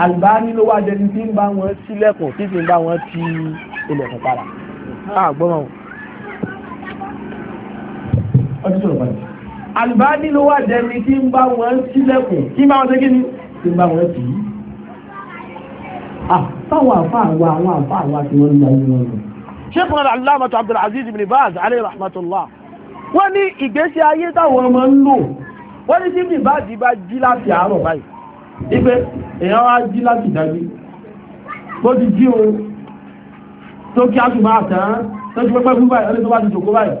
Albani ló wá dẹni tí ń bá wọn sílẹ̀kùn tí sì ń bá wọn ti ilẹ̀kùn padà àgbọ́n ah, Albani ló wá dẹni tí ń bá wọn sílẹ̀kùn tí bá wọn ṣe kíni tí bá wọn tì í ah, àtàwọn àfáà wa àwọn àfáà wa tí wọ́n ń lọ wọn lọ ṣékùn aláàmàtà abdulaziz ibn baz alayhi rahmatullah wọ́n ní ìgbésí ayé táwọn ọmọ ń lò wọ́n ní sí ibn baz bá jí láti àárọ̀ báyìí ipe èyàn wá jí láti ìdájí bó ti jí o tó kí a àtàn tó ti pẹ́pẹ́ fúnbà ẹni tó bá ti jòkó báyìí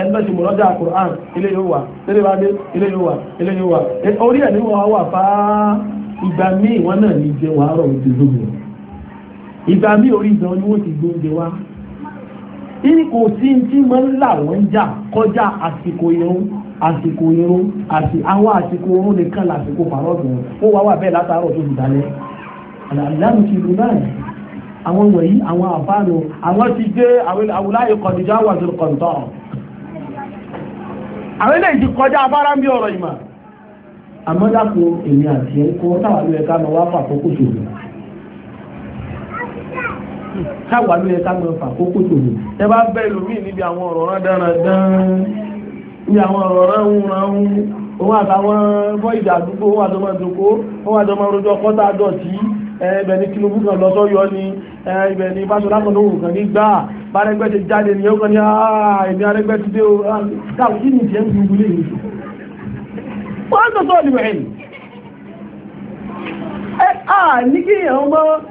ẹni tó ti mọ̀ lọ́jà Qur'an ilé yóò wà ilé yóò wà ilé yóò wà ilé yóò wà orí ẹ̀ ní wọ́n wà fá ìgbà míì wọ́n náà ní jẹun ìgbà míì orí ni wọ́n ti gbóúnjẹ ní kò sí tí mọ́ ń là wọ́n jà kọjá àsìkò irun àsìkò irun àti àwọn àsìkò irun nìkan làsìkò pàrọ̀dù ó wá wà bẹ́ẹ̀ látàárọ̀ tó ti dalẹ̀ àlàyé ti lu náà àwọn wọ̀nyí àwọn àbáàrò àwọn ti dé àwòláyé kọ̀dìjà wà tó kọ̀ǹtọ̀ àwọn eléyìí ti kọjá abára ń bí ọ̀rọ̀ ìmọ̀ àmọ́ èmi àti ẹ̀kọ́ táwọn ẹ̀ka náà wá fà fọ́kùsù káwà ló yẹ ká mọ fà kókó tòun ẹ bá bẹ ẹlòmíì níbi àwọn ọ̀rọ̀ rán dáradára níbi àwọn ọ̀rọ̀ rán ń rán ń òun àtàwọn bọ́ìdì àdúgbò òun àtọmọ ìdòkó òun àtọmọ ìrojọ kọ́tà dọ̀tí ibẹ̀ ni Tinubu kan lọ sọ́yọ́ ni ibẹ̀ ni Fáṣọlá kan lóhùn kan ní bárẹ́gbẹ́ ti jáde ní ọkàn ní ààrẹ ní arẹ́gbẹ́ ti dé o dáwọn kí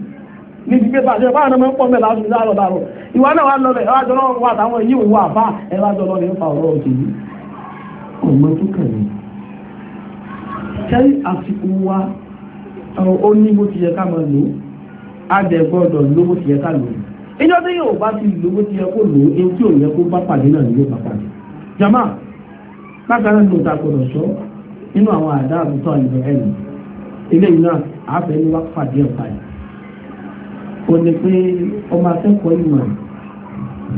ní ti gbé bàjẹ́ báwọn ọmọ ń pọ̀ mẹ́la ọdún láàrọ̀ láàrọ̀ ìwà náà wà lọ́lẹ̀ ẹwà jọ lọ́wọ́ àtàwọn èyí òwò àbá ẹwà fa ọ̀rọ̀ òṣèlú ọmọ tó kẹ̀lé kẹ́rí àsìkò wa ó ní bó ti yẹ ká máa lò á dẹ̀ gbọ́dọ̀ ló bó ti yẹ ká lò ìjọ tí yóò bá ti lò bó ti yẹ kó lò ó tí ò yẹ kó bá pàdé náà ni yóò bá pàdé jama bákan náà ló ta gbọ́dọ̀ sọ nínú àwọn ilé ìlú náà ní wá pàdé ọ̀pá ó ní pé ọmọ akẹ́kọ̀ọ́ ìmọ̀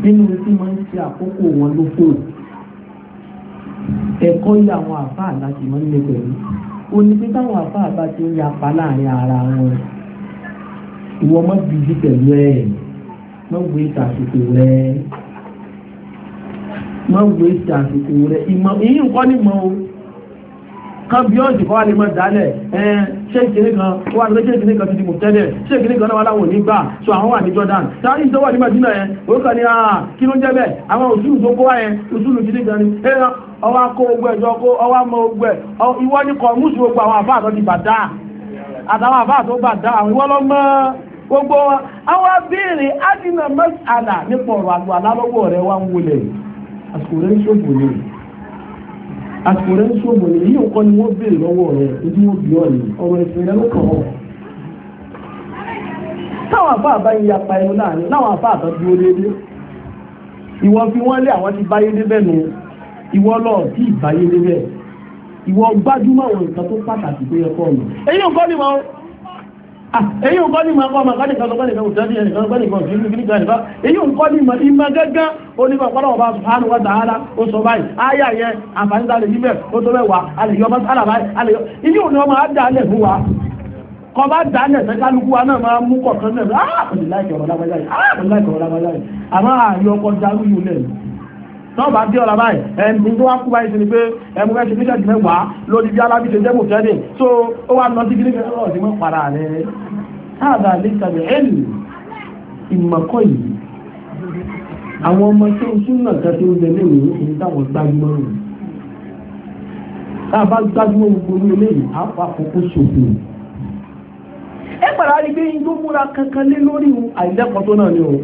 nínú tí wọ́n ń ṣe àkókò wọn ló fò ẹ̀kọ́ yí àwọn àfáà láti mọ́ nílé pẹ̀lú ó ní pé táwọn àfáà bá ti ń yapa láàrin ara wọn ìwọ mọ́ bìbí pẹ̀lú ẹ̀ mọ́ gbé rẹ̀ mọ́ gbé rẹ̀ ìmọ̀ èyí nǹkan ni mọ́ o. kan bí ọ̀sì kọ́ wá lè mọ̀ dálẹ̀ ṣé ìkíní kan ó wá lọ ṣé ìkíní kan ti di ṣé ìkíní kan náà wà láwọn onígbà so àwọn wà ní Jordan sáré ìṣọwọ́ ní Madina yẹn ó kàn ní kí ló ń jẹ́ bẹ́ẹ̀ àwọn òṣùlù tó kó wá yẹn òṣùlù kan ni ọwọ́ akó ẹ̀jọ́ kó ọwọ́ ẹ̀ ìwọ gbogbo àkùrẹ́ ń ṣòbò ní yíò kọ́ ni wọ́n bèèrè lọ́wọ́ rẹ̀ ojú wọn bí ọ̀nì ọ̀rọ̀ ìpínlẹ̀ ló kàn wọ́n. táwọn àfáà bá yí apá ẹnu láàrin láwọn àfáà bá dúró déédé ìwọ fi wọ́n lé àwọn ti báyé débẹ̀ nu ìwọ lọ sí ìbáyé débẹ̀ ìwọ gbájúmọ̀ àwọn nǹkan tó pàtàkì tó yẹ kọ́ ọ̀nà. èyí ò kọ́ ni wọn Ah, èyí ò kọ́ ní ma kọ́ ma kọ́ nìkan sọ́kọ́ nìkan òtẹ́lẹ̀ ẹnìkan sọ́kọ́ nìkan òtẹ́lẹ̀ kí nìkan nìkan èyí ò kọ́ ní ma ìmọ̀ gẹ́gẹ́ oníkan ọ̀pọ̀lọ̀ ọba subhanahu wa ta'ala ó sọ báyìí ayà yẹn àǹfààní sáré yíbẹ̀ ó tó mẹ́wàá alẹ́ yọ mọ́sálà báyìí alẹ́ yọ ilé òní ọmọ á dà lẹ̀ fún wa kọ́ bá dà lẹ̀ fẹ́ kálukú wa náà máa mú kọ̀ọ̀kan náà ah, tọ́ọ̀bà dé ọ̀la báyìí ẹni tó wá kú báyìí sí ni pé ẹmu fẹ́ ṣe bíṣẹ́ ti mẹ́wàá lórí bí alábí ṣe jẹ́mù tẹ́lẹ̀ so ó wá lọ sí kí nígbà ọ̀rọ̀ sí mọ́ para rẹ̀ káàdà lè sàbẹ̀ ẹ̀lì ìmọ̀kọ́ yìí àwọn ọmọ tó ń súnà kẹtù ń bẹ̀lẹ̀ ní ìlú táwọn gbajúmọ̀ rẹ̀ tá a bá gbajúmọ̀ gbogbo ní eléyìí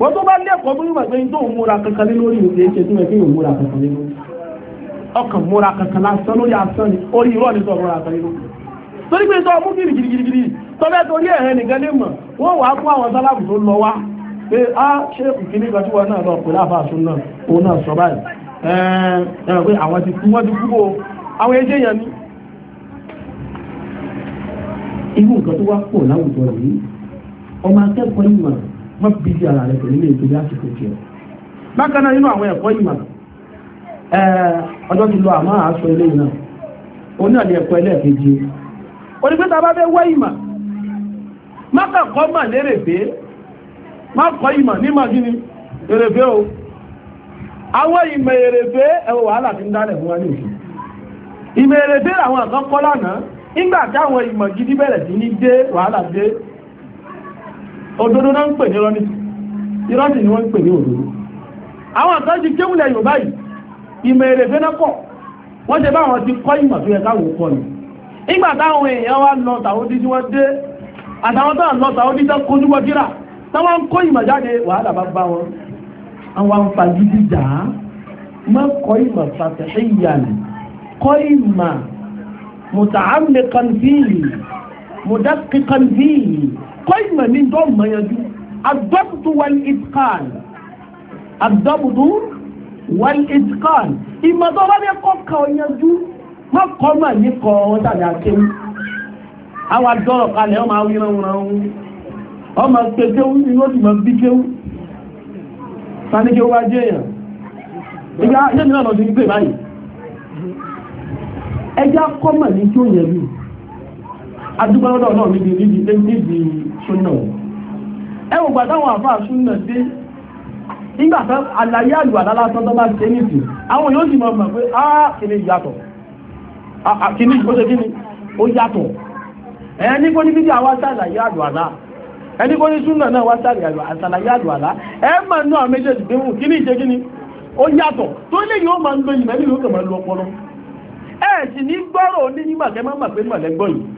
wọ́n tó bá lẹ́kọ̀ọ́ bí wọ́n gbé tó múra kankan lé lórí ìwé ṣe tí wọ́n fi yóò múra kankan lé lórí ọkàn múra kankan lásán lórí asán ni orí irọ́ ni sọ múra kankan lé lórí torí pé sọ mú gírí gírí gírí tọ́lẹ́ torí ẹ̀rẹ́ nìkan lè mọ̀ wọ́n wàá fún àwọn sálábù tó lọ wá pé á ṣe ìkíní kan tí wọ́n náà lọ pẹ̀lú àfàṣù náà òun náà sọ báyìí ẹ̀rọ pé àwọn ti kú wọ́n ti kú bò àwọn ẹjẹ́ yẹn ni. irú nǹkan tó wá pọ̀ láwùjọ yìí ọmọ akẹ́kọ̀ọ́ ìmọ̀ràn wọ́n fi bíbí ara rẹ̀ pẹ̀lú ní ètò lásìkò tiẹ̀. bákan náà nínú àwọn ẹ̀kọ́ ìmọ̀ ọjọ́ ti lọ àmọ́ àásọ eléyìí náà òun náà ní ẹ̀kọ́ ẹlẹ́ẹ̀kejì onígbẹ́ta bá fẹ́ wá ìmọ̀ má kàkọ́ mà lérèfé má kọ́ ìmọ̀ ní o àwọn ìmọ̀ ẹ̀wọ̀ wàhálà ti ń dálẹ̀ fún wa ní òṣù ìmọ̀ àkọ́kọ́ lánàá nígbà táwọn ìmọ̀ gidi bẹ̀rẹ̀ sí ní dé wàhálà dé òdodo náà ń pè ní ni wọ́n ń pè ní òdodo àwọn àtọ́jú kéwùlẹ̀ yorùbá yìí ìmọ̀ èrè fẹ́nà pọ̀ wọ́n ṣe báwọn ti kọ́ ìmọ̀ tó yẹ káwọn kọ́ ni nígbà táwọn èèyàn wá lọ tàwọn dídí wọ́n dé àtàwọn tó lọ tàwọn kan ẹ̀kọ́ ìmọ̀ ní tó mọ̀ yanjú adọ́bùtú wal itqan adọ́bùtú wal itqan ìmọ̀ tó bá fẹ́ kọ́ kọ́ yanjú má kọ́ mà ní kọ́ wọn tàbí akéwù àwọn adọ́rọ̀ kalẹ̀ ọmọ awíran wọn ọmọ pẹ̀tẹ́wù ni ó ti mọ̀ bí kéwù sani kéwù wá jẹ́ yàn ẹjá kọ́ mà ní tó yẹ lù adúgbọ́lọ́dọ̀ náà níbi níbi níbi ṣúnà ẹwọ̀n gbà táwọn àfáà ṣúnà sí nígbàtá àlàyé àlùwàlá lásán tó bá ṣe nìsí àwọn yóò sì mọ̀ mọ̀ pé á kìíní yàtọ̀ kìíní ó ṣe kíní ó yàtọ̀ ẹni kó ní bídí àwọn sàlàyé àlùwàlá ẹni kó ní ṣúnà náà wá sàlàyé àlùwàlá ẹ mọ̀ náà méjèèjì pé wù kíní ṣe kíní ó yàtọ̀ tó lè yóò máa ń lo ìmẹ́lì yóò kàn máa lo ọpọlọ ẹ̀ sì ní gbọ́rọ̀ onímọ̀ kẹ́ máa mọ̀ pé mọ̀lẹ́gbọ́ yìí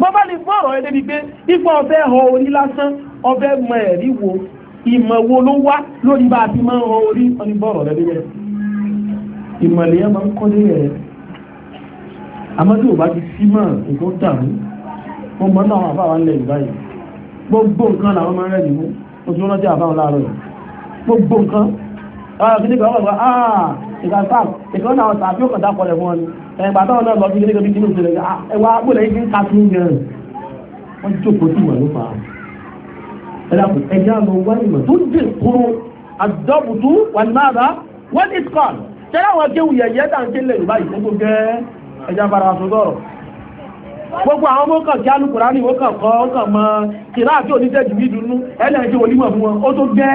bọ́bá lè fún ọ̀rọ̀ ẹ̀dẹ́ wípé ipò ọ̀fẹ́ họ orí lásán ọ̀fẹ́ mọ ẹ̀rí wo ìmọ̀ wo ló wá lórí bá a ti máa ń họ orí ọ̀ní bọ́ọ̀rọ̀ rẹ̀ lélẹ̀ ìmọ̀lẹ̀ yẹn máa ń kọ́ lélẹ̀ rẹ̀ àmọ́ tí ò bá ti sí mọ́ nǹkan dàrú wọ́n mọ́ náà àbá wa ń lẹ̀ ìgbàfàm ìkan náà sàbí ó kọ̀dá kọlẹ̀ wọn ni ẹgbà táwọn náà lọ sí ilé gẹ́gẹ́ bí kí ló ṣe lẹ́gbẹ́ ẹwà agbóòlẹ̀ yìí ń ka tún gẹ̀rẹ̀ wọ́n jókòó sí ìwà ló fà á ẹ̀dàkùn ẹ̀jẹ̀ àlọ́ wá ìmọ̀ tó dì kúrú àdọ́bùtú wà náà wọ́n ti kọ́ tẹ́lá wọn kéwù yẹ̀yẹ́ dà ń kéle ìbá ìfúngbó gẹ́ ẹja fara sọ sọ̀rọ̀ gbogbo àwọn ọmọ kan kí alukùránì ó kàn kọ́ ó kàn mọ kìláàkì oníṣẹ́ jù bí dunu ẹlẹ́ẹ̀jẹ̀ onímọ̀ fún wọn ó tó gẹ́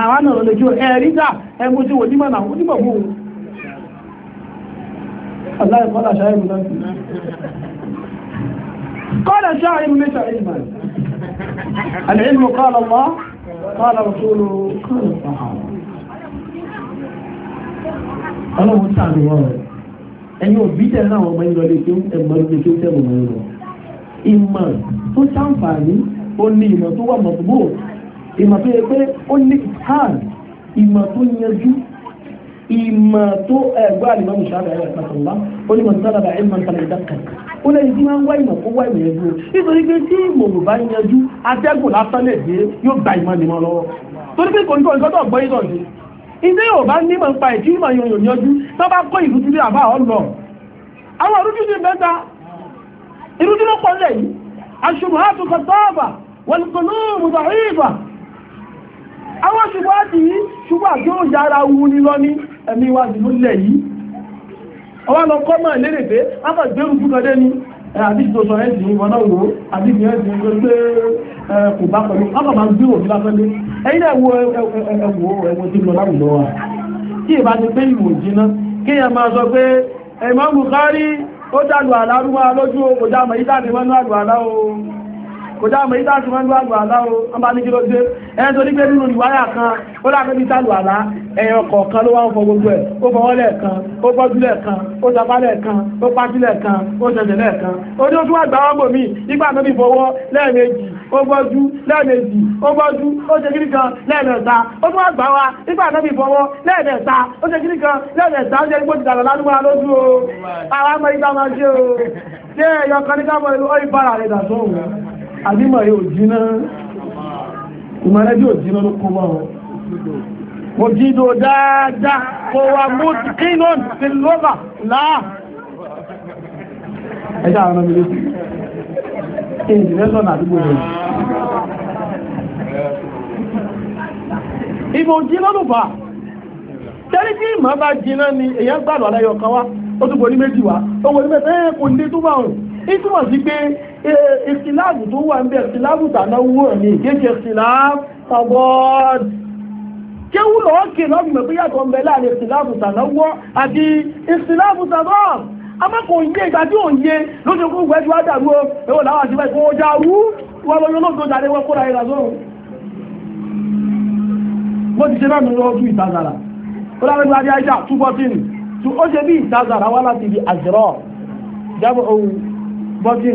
àwọn náà lè jọ ẹ̀rí dà wò nímọ̀ náà onímọ̀ mú ọlọ́run wọ́n ẹni lè ó ìmọ̀ tó yẹ pé ó ní hàn ìmọ̀ tó yanjú ìmọ̀ tó ẹ̀gbọ́n àlùmọ́ mùsàlẹ̀ ẹ̀rọ ìpàtàkùnlá ó ní mọ̀ sára ẹ̀ mọ̀ sára ìdákan ó lẹ́yìn tí wọ́n ń wá ìmọ̀ kó wá ìmọ̀ yanjú nítorí pé tí ìmọ̀ ò bá yanjú atẹ́gùn lásán lè dé yóò gba ìmọ̀ nìmọ̀ lọ́wọ́ torí pé kò ní kọ́ tó gbọ́ yíyọ̀ sí ilé ò bá nímọ̀ pa ìtí ìmọ̀ yòyò yanjú tó bá kọ́ ìlú títí àbá ọ̀ lọ àwọn ìrújú ti mẹ́ta ìrújú ló pọ̀ lẹ́yìn àṣùmọ̀ àtúkọ̀ tọ́ọ̀bà wọ̀lùkọ̀lù mùsàlẹ̀ ìfà àwọn ṣùgbọ́n àti yìí ṣùgbọ́n àti ó yára wu ni lọ ní ẹ̀mí wa jù lẹ̀ yìí ọwọ́ lọ kọ́ mọ̀ lérè pé ápà gbẹ́rù fún kọdé ni àti ìtòsọ̀ ẹ̀ sì wọn náà wò àti ìgbìn ẹ̀ sì ń gbé kò bá pẹ̀lú ápà máa gbé òfin lápẹ́lẹ́ ẹ̀yìn náà wo ẹ̀wọ̀ ẹ̀wọ̀ tí lọ láwùjọ wa tí ìbá ti pé ìwò jiná kéèyàn máa sọ pé ẹ̀mọ́ Bukhari ó dàlù àlárúwá lójú òkòjá mọ̀ ìdáàbí wọn náà lù àlá o kò já mọ̀ ìdájú wọn ló àgbà àlá o wọn bá ní kí ló dé ẹni tó ní pé nínú ìwáyà kan ó dà pẹ́bí sálù àlá ẹ̀yọ kọ̀ọ̀kan ló wá ń fọ gbogbo ẹ̀ ó fọwọ́ lẹ́ẹ̀kan ó gbọ́jú lẹ́ẹ̀kan ó sapá lẹ́ẹ̀kan ó pátí lẹ́ẹ̀kan ó ṣẹ̀ṣẹ̀ lẹ́ẹ̀kan ó ní oṣù àgbà wọn bò mí nígbà tó bí fọwọ́ lẹ́ẹ̀mejì ó gbọ́jú lẹ́ẹ̀mejì ó gbọ́jú ó ṣe kiri kan lẹ́ẹ̀mẹ́ta ó tún àgbà wa nígbà tó bí fọwọ́ lẹ́ẹ̀mẹ́ta ó ṣe kiri kan lẹ́ẹ̀mẹ́ta ó ṣe kí gbòdìdàlọ́ lálùmọ́ o àwọn ọmọ ìgbà máa ṣe o ṣé ẹ̀yọ kan ní káàbọ̀ ìlú ọ̀ àdímọ̀ yóò jíná ìmọ̀lẹ́bí ò jíná ló kó ọ mo jídò dáadáa kò wà mú kínú sí lọ́bà láà ẹjá àwọn ọmọ ilé sí ìjìnlẹ̀ lọ́nà àdúgbò rẹ̀ ìmọ̀ jíná ló bá tẹ́rí tí ìmọ̀ bá ni èyàn kan wá ó túnbọ̀ ní méjì wá ó wọ́n ní ìkìláàbù tó wà ń bẹ̀ ìkìláàbù tàná wúrò ní ìkéjì ìkìláàbù tàbọ́ọ̀dì kí wúlò ókè náà gbìmọ̀ pé yàtọ̀ ń bẹ láàrin ìkìláàbù tàná wọ́ àti ìkìláàbù tàbọ́ọ̀dì amákò yé ìgbà tí ò ń yé lóṣù kú gbẹ́jú ádàrú ẹwọ láwọn àti bẹ́ẹ̀ kó já wú wọ́n lọ yọ́nà tó jáde wọ́n kóra ìrà sóhun wọ́n ti ṣe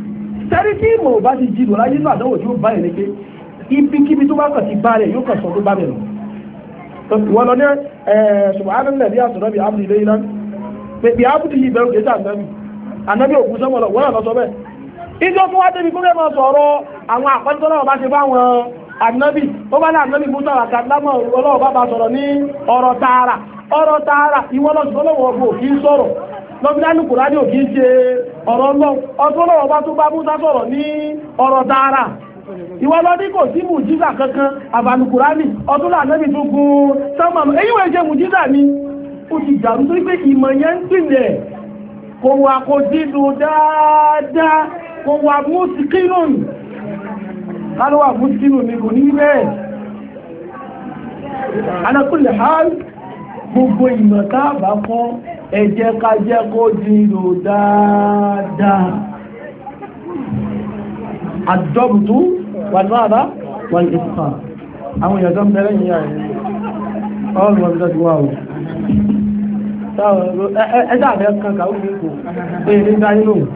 sẹ́rí tí ìmọ̀ bá ti jìnnà láyé náà àdánwò tí ó bá yẹn ni pé tó bá kàn ti bá rẹ̀ yóò kàn sọ tó bá bẹ̀rù wọ́n lọ ní ṣùgbọ́n na àtúnrọ́bì ábùdí ilé iná pẹ̀pẹ̀ ábùdí yìí nke kẹta ànábì ànábì òkú sọ́mọ̀ lọ wọ́n lọ sọ bẹ́ẹ̀ ìjọ fún wa débi kó sọ̀rọ̀ àwọn bá ànábì ó bá ní ànábì musa ọlọ́wọ́ bá sọ̀rọ̀ ní ọ̀rọ̀ tààrà ọ̀rọ̀ tààrà lọ́gbìnlẹ́nu kò òkè ṣe ọ̀rọ̀ ọdún lọ́wọ́ bá tó bá múta sọ̀rọ̀ ní ọ̀rọ̀ tààrà ìwọ kò sí mùjíza kankan àbànùkùránì ọdún lànàbì tó gún eyi èyí wọ́n jẹ́ mùjíza ni ó ti dàrú tó pé kò wà kò dídùn dáadáa kò wà ní bẹ́ẹ̀ hàn gbogbo ìmọ̀ tá a ẹ jẹ́ ká jẹ́ kó dìrò dáadáa àjọ́bùtú wàlúwàbá wàlú ìfà àwọn ìyàjọ́ mẹ́rẹ́ yìí rẹ̀ ọ̀rọ̀ ọ̀rọ̀ ti wà wọ̀ ẹjá àbẹ́ kankan ó fi kò pé ní dáyé lóhùn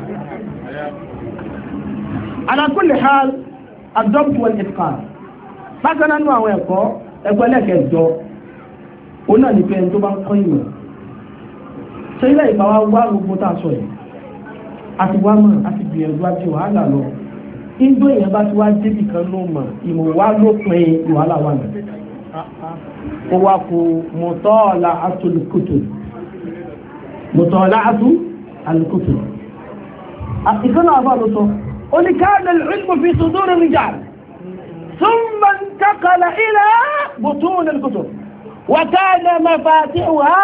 alákùnlé ha àjọ́bùtú wàlú ìfà àwọn ẹ̀kọ́ ẹgbẹ́lẹ́kẹ̀ẹ́jọ òun náà ní pé ẹni tó bá ń kọ́ ìmọ̀ ṣé ilé ìbáwá wá gbogbo tá a sọ yìí àti wá mọ̀ àti gbìyànjú àti wàhálà lọ nígbà èèyàn bá ti wá débì kan ló mọ̀ ìmọ̀ wá ló pin wàhálà wà nù. ó wá kó mọ̀tọ́ọ̀lá atolùkòtò mọ̀tọ́ọ̀lá atolùkòtò. ìkànnì àbá ló sọ ó ní káàdà ìlú fi sùdúrù mi jà ثم انتقل إلى بطون الكتب وكان مفاتيحها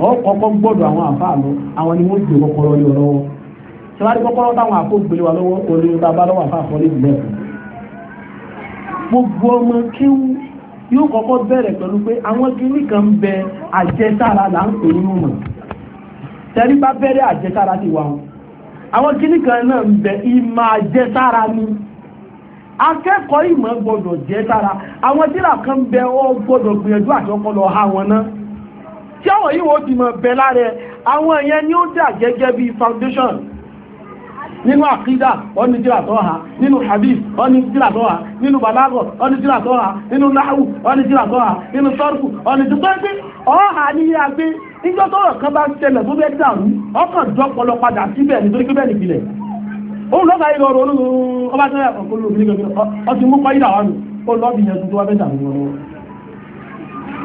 kọkọ gbọ́dọ̀ àwọn àfáà lọ àwọn ni wọ́n gbé kọ́kọ́rọ́ lé lọ́wọ́ ṣèwádìí kọ́kọ́rọ́ táwọn àfó gbélé wa lọ́wọ́ olè bá gbogbo ọmọ yóò kọ́kọ́ bẹ̀rẹ̀ pẹ̀lú pé àwọn kìíní kan ń bẹ àjẹsára là ń pè nínú mọ̀ tẹ́rí bá àjẹsára ti wà wọn àwọn kìíní kan náà ń bẹ ìmọ̀ àjẹsára ni akẹ́kọ̀ọ́ ìmọ̀ gbọ́dọ̀ kan bẹ ọ gbọ́dọ̀ gbìyànjú àti ọpọlọ ha wọn tí àwọn yíò ti mọ̀ bẹ lára àwọn èèyàn ni ó dà gẹ́gẹ́ bí foundation nínú àkídà wọ́n ní tíra tọ́ha nínú hadith wọ́n ní tíra tọ́ha nínú balago wọ́n ní tíra tọ́ha nínú náhù wọ́n ní tíra tọ́ha nínú sọ́rùkù wọ́n ní tí pẹ́ẹ́sí ọ̀hà ní agbé nígbọ́ tọ́rọ̀ kan bá ṣẹlẹ̀ tó bẹ́ dàrú ọkàn jọpọlọ padà síbẹ̀ nítorí pé bẹ́ẹ̀ nìpìlẹ̀ òun lọ́gbà ilẹ̀ ọ̀rọ̀ olóòrùn ọba tẹ́lẹ̀ ọ̀pọ̀lọ́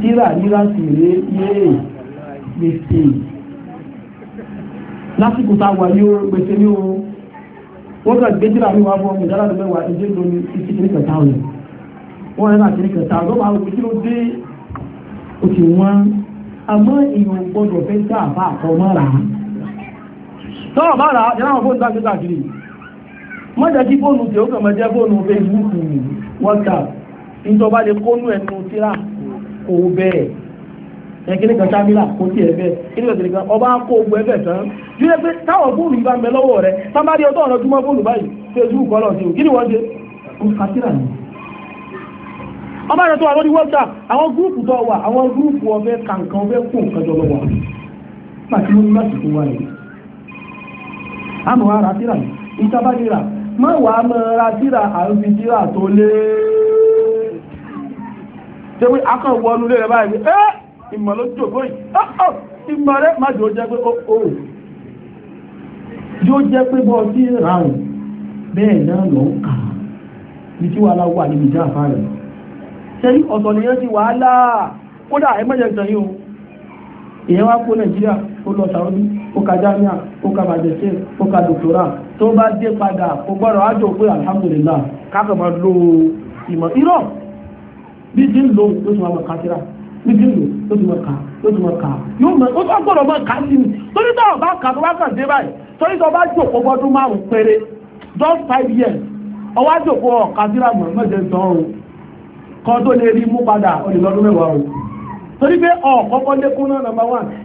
tíra ríra sì ré yéè gbèsè lásìkò tá a wà yóò gbèsè ní o wọ́n kà gbé tíra mi wá fún ọmọ ìdára lọ́wọ́ wa ìdí ìdó ní títí kiri kẹta rẹ̀ wọ́n rẹ̀ náà kiri kẹta lọ́wọ́ àwọn òkú tí ó dé òkè wọn àmọ́ èèyàn gbọ́dọ̀ fẹ́ sá àbá àkọ́ mọ́ra tọ́wọ́ bá rà á yẹ́n àwọn fóònù dágbé káàkiri mọ́jà kí fóònù tí ó kàn máa fóònù Facebook kó bẹ́ẹ̀ ẹ kí ni kan sábìlà kó tiẹ̀ bẹ́ẹ̀ kí ni kan kìnìkan ọba kó gbọ ẹbẹ̀ tán yíyẹ pé táwọn fóònù yìí bá ń bẹ lọ́wọ́ rẹ sábàdí ọtọ́ ọ̀nà túmọ̀ fóònù báyìí facebook ọlọ́ sí o kí ni wọ́n ṣe ó kásírà ni. ọba rẹ tó wà lórí whatsapp àwọn gúrùpù tó wà àwọn gúrùpù ọbẹ̀ kankan ọbẹ̀ kó nǹkan jọ lọ́wọ́ pàtí mo ní láti fún wa yìí. àmọ́ ara síra yìí ìtàbá má jẹ́ pé akọ̀ wọ inú ilé rẹ̀ báyìí ẹ́ ìmọ̀ ló jòkó yìí ìmọ̀ rẹ̀ má jò jẹ́ pé ó yóò jẹ́ pé bọ́ sí bẹ́ẹ̀ náà lọ ń kà ní tí wàhálà wà níbi ìjà àfá rẹ̀ sẹ́rí ọ̀sọ̀ nìyẹn ti wàhálà kódà ẹ mẹ́jẹ̀ sọ yìí o bí ti ń lò ó ló ti máa mọ̀ ká síra bí ti ń lò ó ti máa kà ó ti máa kà yóò mọ̀ ó tún gbọ́dọ̀ máa kà sí mi torí tó ọba kà tó bá kàn dé báyìí torí tó bá jòkó bọ́dún márùn péré just five years ọwá jòkó ọ̀ka síra mọ̀ mẹ́jẹ sàn o kan tó lè rí mú padà olùlọ́dún mẹ́wàá o torí pé ọ̀kọ́kọ́ lékún náà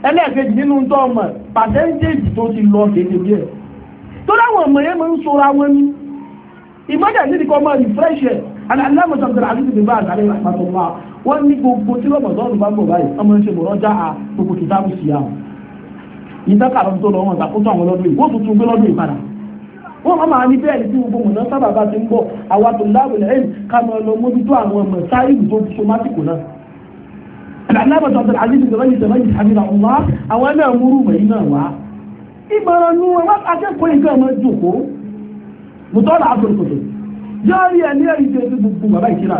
ẹlẹ́ẹ̀kejì nínú tó ọmọ tó ti lọ kéde tó láwọn ọmọ yẹn máa ń wọn ní aláàmọ̀ sọ̀rọ̀ sọ̀rọ̀ àdúgbò bíbá àgbàlẹ̀ ìràpàtọ̀wà wọ́n ní gbogbo tí rọ̀mọ̀dọ́nù bá bọ̀ báyìí ọmọ ṣe mọ̀rọ̀ já a gbogbo kìtàbù sí àwọn ìtàkàrọ̀ tó lọ wọn ṣàkóso àwọn lọ́dún yìí wọ́n tún tún gbé lọ́dún ìpadà wọ́n máa máa ní bẹ́ẹ̀ ní tí gbogbo mọ̀nà sábà bá ti ń bọ̀ àwa tó láàbò lẹ́yìn ká máa lọ mójútó àwọn ọmọ sáyìlì tó so másìkò náà aláàmọ̀ sọ̀rọ̀ àdúgbò bíbá yìí sọ̀rọ̀ yìí àmì àwọn àwọn náà múrù mẹ́yìn náà wá ìmọ̀ràn nu wọn akẹ́kọ̀ọ́ yìí kẹ́ ọmọ jòkó mùtọ́lá àtòkòtò jẹ́rí ẹ̀ ní ẹ̀rí tẹ́lẹ̀ gbogbo bàbá ìkíra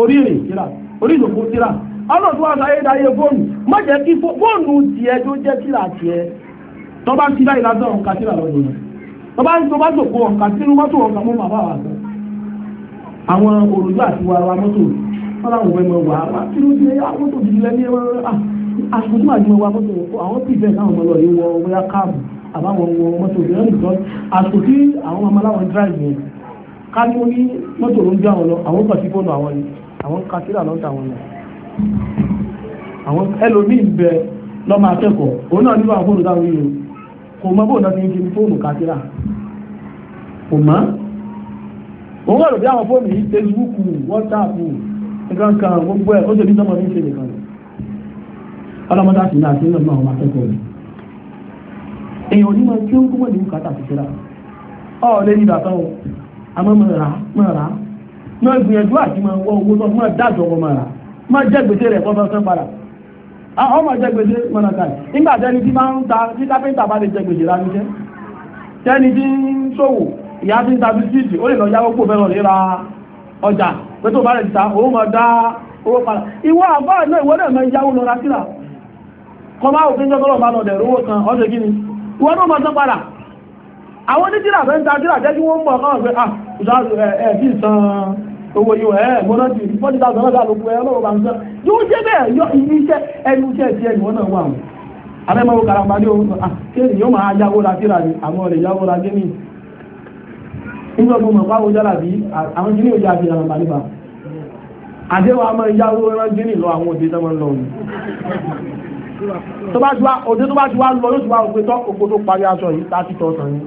orí èrè ìkíra orí ìjòkó tíra ọ̀nà tó wà sáyé dáyé fóònù má jẹ́ kí fóònù tiẹ̀ tó jẹ́ tíra tiẹ̀ tó bá ń tíra ìlànà ọ̀nkà tíra lọ́dún náà tó bá ń tó bá jòkó ọ̀nkà tínú mọ́tò ọ̀nkà mọ́ bàbá wa sọ àwọn òrùlú àti wàrà mọ́tò wọn làwọn ọmọ ẹ̀mọ wà kí ló dé mọ́tò gidi lẹ́ni ẹ̀mọ àkókò àjùmọ̀ wa mọ́tò àwọn pìfẹ́ káwọn ọmọ lọ yìí wọ ọmọ yá káàbù àbáwọn ọmọ mọ́tò ìrẹ́lùtọ́ àkókò àwọn ọmọ aláwọn dráìvì yẹn ká ní mọ́tò ló ń gbé àwọn lọ àwọn kan sí fóònù àwọn ni àwọn ka sílà lọ́dọ̀ àwọn yẹn àwọn ẹlòmíì bẹ lọ́mọ akẹ́kọ̀ọ́ òun náà nílò àwọn fóònù táwọn yìí o kò mọ bóun náà ti ń fi fóònù ka sílà kò mọ́ òun rẹ̀ lò bí àwọn fóònù yìí Facebook WhatsApp nǹkan kan gbogbo ẹ̀ ó ṣe bí sọ́mọ mi ṣe nìkan ọlọ́mọdé àti náà akẹ́kọ̀ọ́ rẹ̀ èèyàn onímọ̀ tí ó ń àmọ́ mọ̀ rà mọ̀ rà náà gbìyànjú àti máa wọ owó lọ́wọ́ máa dájọ́ ọmọ mọ̀ rà máa jẹ́ gbèsè rẹ̀ fọ́fọ́ sẹ́ padà ọmọ jẹ́ gbèsè mọ̀nà kan nígbà tẹ́ni tí máa ń ta tí káfíńtà bá lè jẹ gbèsè rà níṣẹ́ tí ń ṣòwò ìyá tí ń ta ó lè lọ fẹ́ràn ríra ọjà pé tó bá ta owó máa dá owó padà ìwọ ìwọ náà máa yáwó lọ òfin jọ́gọ́rọ̀ lọ àwọn onídìrà fẹ́ ń ta dìrà jẹ́ kí wọ́n mọ̀ náà pé ah ìṣáàtò ẹ̀ ẹ̀ kí san owó yìí ẹ̀ mọ́nà tì fọ́tí tàbí ọlọ́dà ló pẹ́ ọlọ́wọ́ bá ń sọ yóò jẹ́ bẹ́ẹ̀ yọ ibi iṣẹ́ ẹnu iṣẹ́ ti ẹnu wọn náà wà wọn. abẹ́mọ̀wò karamba ní òun ah kéèrè yóò máa yáwó la dìrà ni àmọ́ rẹ̀ yáwó la gé ní. nígbà tó mọ̀ pàwọ́ yára bí àwọn jìnnì òjò àti ìyàrá nípa àdéhùn àmọ́ yáwó rán gé ní lọ àwọn òde tó máa ń lọ tó bá ti wá òde tó bá ti wá lọ yóò ti wá òpin tó òpin tó parí aṣọ yìí tá a ti tọ́ sàn yìí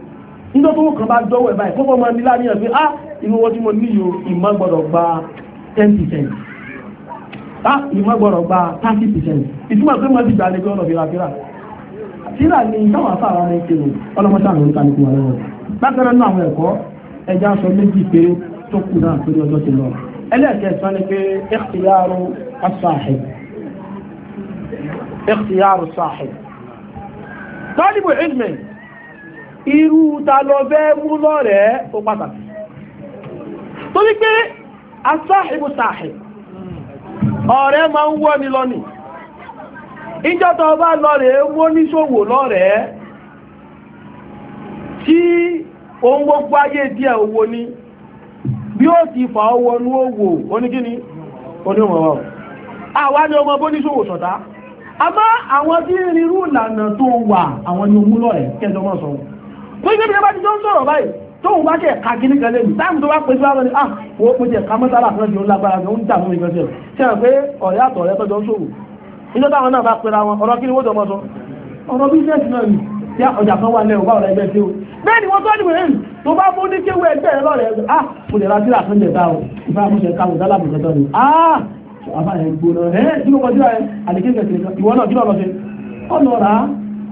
nígbà tó kàn bá dọ́wọ́ ẹ̀ báyìí kókó máa ní láàrin ẹ̀fẹ́ ah inú wọn tí mo ní yòó ìmọ̀ gbọ́dọ̀ gba ten percent ah ìmọ̀ gbọ́dọ̀ gba thirty percent ìtumọ̀ pé wọ́n ti gbà lẹ́gbẹ́ ọ̀nà fìlàfìlà fìlà ni táwọn afá àwọn ọmọ ìkẹrù ọlọ́mọṣẹ́ àwọn oníkàlùkù wọn lọ́wọ́ bákẹ́rẹ́ náà àwọn ẹ̀kọ́ ẹja sọ méjì irú ta múlọ fẹ́ ó pàtàkì pé asáhìbù sàhìb ọ̀rẹ́ máa ń wọ́ ni lọ́nì ìjọta ọba lọ́rẹ̀ wó níṣòwò lọ́rẹ̀ tí ohun gbogbo ayé díẹ̀ owó ní bí ó ti fà ọwọ́ ní owó ni ọmọ bó níṣòwò sọ̀tá tó ìgbé ìjọba ti jọ ń sọ̀rọ̀ báyìí tó wù bá kẹ̀ ká kíní kan lẹ́nu táìmù tó bá pè sí wàá lọ́ni ah wò ó pèsè ká mọ́tàlá fún ẹni lágbára ni ó ń dààmú ìgbẹ́ sẹ́yìn ṣe hàn pé ọ̀rẹ́ àtọ̀ ọ̀rẹ́ tọ́jọ́ ń ṣòwò ìjọ táwọn náà bá pera wọn ọ̀rọ̀ kí ni wọ́n jọ mọ́ sọ ọ̀rọ̀ bísíẹ̀sì náà ni tí ọjà kan wà lẹ́wọ̀ bá ọ̀rẹ́ ẹgbẹ́ sí o bẹ́ẹ̀ ni wọ́n tọ́ ní wẹ̀rẹ́ tó bá ah mo lè o ìfẹ́ àmúṣe káwọn dálà bùkẹ́ tọ́ ni ah àbá ẹ̀ gbóná ẹ̀ kí ló kọjú ẹ̀ àdékẹ́kẹ́ ìwọ náà kí lọ́ọ́ lọ́ọ́ ṣe ọ̀nà ọ̀rá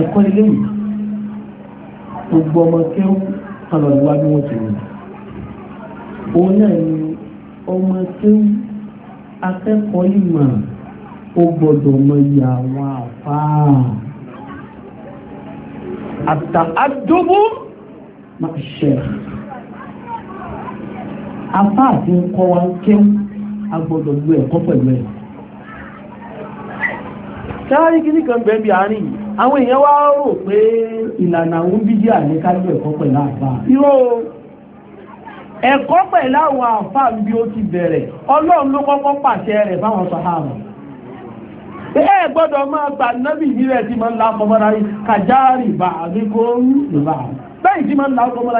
ẹ̀kọ́ ilé yìí gbogbo ọmọ kéwú kálọ̀ ìwà bí wọ́n ti rìn òun náà ni ọmọ kéwú akẹ́kọ̀ọ́ ìmọ̀ ó gbọ́dọ̀ mọ iye àwọn àfáà àtàádógó máa ṣe àfáà tí ń kọ́ wa kéwú a gbọ́dọ̀ lo ẹ̀kọ́ pẹ̀lú ẹ̀. kárí kí ní kan bẹ̀ bí àárín àwọn èèyàn wá rò pé ìlànà àwọn bídíà ní kájú ẹ̀kọ́ pẹ̀lú àfà irọ́ ẹ̀kọ́ pẹ̀lú àwọn àfà bí ó ti bẹ̀rẹ̀ ọlọ́run ló kọ́kọ́ pàṣẹ rẹ̀ fáwọn sàhábà ẹ gbọ́dọ̀ máa gbà nábì ma rẹ̀ tí máa ń mọ́ra bá kó ń bẹ́ẹ̀ tí máa ń mọ́ra gbọ́dọ̀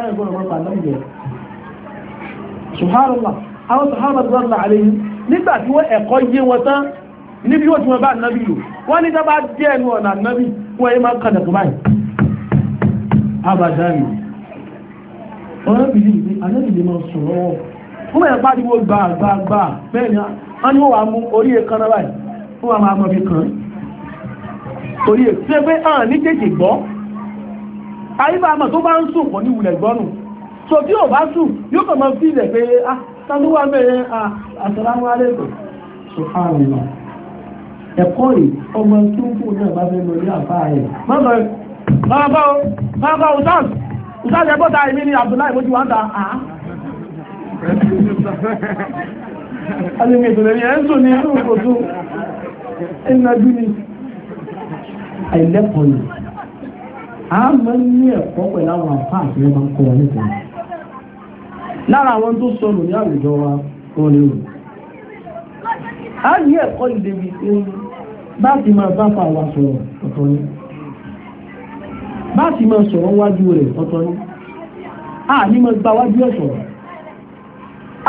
máa gbà nábì níbi wọ́n ti wọ́n bá nábì lò wọ́n ní dábàá díẹ̀ ẹnu ọ̀nà nábì wọ́n yẹ máa ń kàdà tó báyìí abàdáyì ọ̀rẹ́ bìlì ìgbé alẹ́bìlì máa sọ̀rọ̀ wọ́n bẹ̀rẹ̀ pariwo gbà gbà gbà bẹ́ẹ̀ ni wọ́n ní wọ́n wà mú orí ẹ̀kan náà báyìí wọ́n wà máa mọ̀ fi kàn orí ẹ̀ tí ẹ pé hàn ní tètè gbọ́ àyíká àmọ̀ tó bá ń sùn pọ̀ ní ìwùlẹ̀ gbọ́nù so tí ò bá sùn yóò kàn máa fi ilẹ̀ pé ah ta ló wà mẹ́rin ah àsàlámù aláìkùm subhanallah ẹ̀kọ́ rẹ̀ ọmọ tí ó fún náà bá fẹ́ lọ ní àfáà rẹ̀ mọ́bọ̀ ọ̀sán ọ̀sán ẹgbọ́ta èmi ni Abdullahi mojú wá ń ta àá alìmẹ̀ ìtòlẹ̀ ní ẹ̀ńsò ní inú ìkòtò ìnajú ni àìlẹ́kọ̀ọ́ ni a mọ́ ní ẹ̀kọ́ pẹ̀lú àwọn àfáà tí wọ́n máa ń kọ́ wọn nípa lára àwọn tó sọnù ní àwùjọ wa wọ́n lérò a ní ẹ̀kọ́ ìdèbí tí ó ń bá ti máa bá fa àwa sọ̀rọ̀ ọ̀tọ̀ ni bá ti máa sọ̀rọ̀ wájú rẹ̀ ni a ní máa gba wájú ẹ̀ sọ̀rọ̀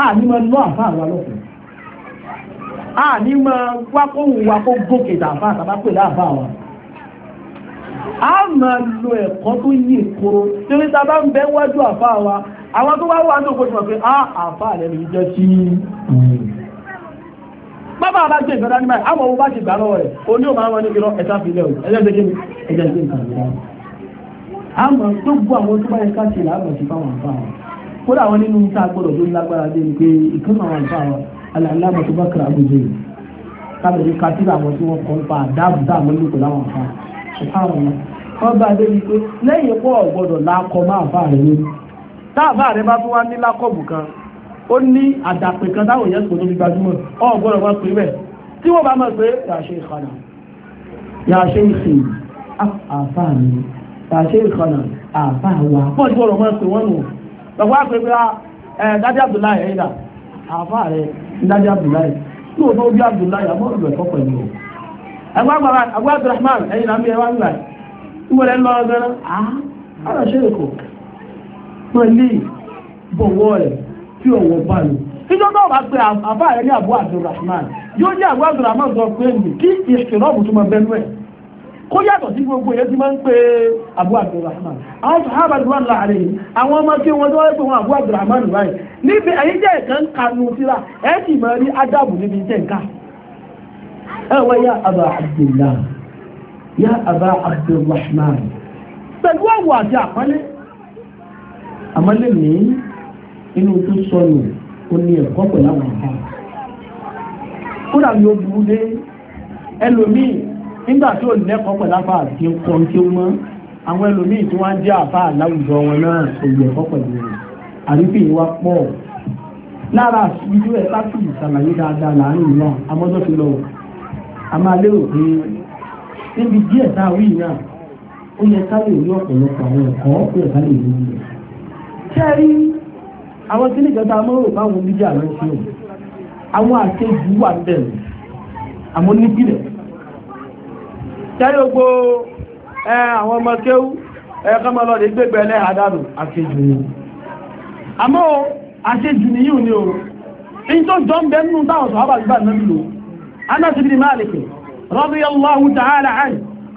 a ní máa lọ àfa àwa a ní máa wá kó gòkè àtàbá a máa lo ẹ̀kọ́ tó yí ìkoro torí ta bá ń wájú àwọn tó wá bábà bá gbé ìgbàdá nígbà àmọ́ owó bá ti gbà lọ́wọ́ rẹ̀ o ní òun àwọn oníbi ẹ̀ta fi lẹ̀ o ẹ̀jẹ̀ kí ni ẹ̀jẹ̀ kí ni kàn mí láwọn. àmọ́ tó gbọ́ àwọn tó bá yẹ ká ṣe làwọn ti fáwọn àǹfà wọn kódà àwọn nínú a gbọ́dọ̀ tó lágbára dé ni pé ìkànnì àwọn àǹfà wọn aláàlámọ̀ tó bá kàrà àgbèjì rẹ̀ kábẹ̀rẹ̀ ká sí àwọn tí wọ́n kọ́ ń pa àdáàbò tá àwọn olùkọ́ láwọn àǹfà ṣùgbọ́n wọn bá dé ni pé lẹ́yìn pọ̀ gbọ́dọ̀ ó ní àdàpè kan táwọn èèyàn kò tó fi gbajúmọ̀ ọ̀ gbọ́dọ̀ wọn pè bẹ́ẹ̀ tí wọ́n bá mọ̀ pé yàṣẹ ìkànnà yàṣẹ ìsìn àfà mi yàṣẹ ìkànnà àfà wa pọ̀ tí wọ́n mọ̀ pé wọ́n nù lọ́wọ́ àpè pé ah, dájú Abdullahi ẹ̀yìn àfà rẹ̀ dájú Abdullahi tí wọ́n tó bí Abdullahi àmọ́ ìlú ẹ̀kọ́ pẹ̀lú àgbà Abdulrahman ẹ̀yìn làmì ẹ̀wà ńlá ìwọ̀lẹ̀ ńlọ ọgbẹ́rẹ́ ah, àá àrà ṣe èkó pẹ̀lú bọ̀wọ́ rẹ̀ tí òwò bá lò níjọ́ náà wàá pe àbá rẹ̀ ní àbú Abdulrahman yóò ní àbú Abdulrahman sọ pé nì kí ìṣèrọ́ọ̀bù tó máa bẹnu ẹ̀ kó yàtọ̀ sí gbogbo tí máa ń pe àbú Abdulrahman àwọn sàhábà tí wọ́n ń la àwọn ọmọ tí wọ́n tó wáyé pé wọ́n àbú Abdulrahman báyìí níbi ẹ̀yìn jẹ́ ìkan kanu síra ẹ̀ sì máa rí adábù níbi jẹ́ nǹkan yá Abdullah yá pẹ̀lú àwọ̀ àti inú tó sọnù ó ní ẹ̀kọ́ pẹ̀lú àwọn àbá kódà yóò burú dé ẹlòmíì nígbà tí ò lẹ́kọ̀ọ́ pẹ̀lú àti ẹ̀kọ́ tí ó mọ́ àwọn ẹlòmíì tí wọ́n jẹ́ àbá láwùjọ wọn náà kò yẹ ẹ̀kọ́ pẹ̀lú rẹ̀ pọ̀ lára ìlú ẹ̀ ìsàlàyé dáadáa láàrin ìlú ti lọ a máa lérò pé níbi díẹ̀ àwọn kíní kẹta amọ́rò báwọn bíjà ló ń ṣe o àwọn àkejì wà bẹ̀rẹ̀ àmọ́ nípìnlẹ̀ tẹ́lẹ̀ gbogbo àwọn ọmọ kéwú ẹ̀ẹ́kọ́ máa lọ lè gbégbé ẹlẹ́ àdánù àkejì ni àmọ́ àkejì ni yíò ní o in tó jọ ń bẹ nínú táwọn sọ̀hábà gbà náà lò anáṣibìnrin máa lè pè radiyallahu ta'ala anhu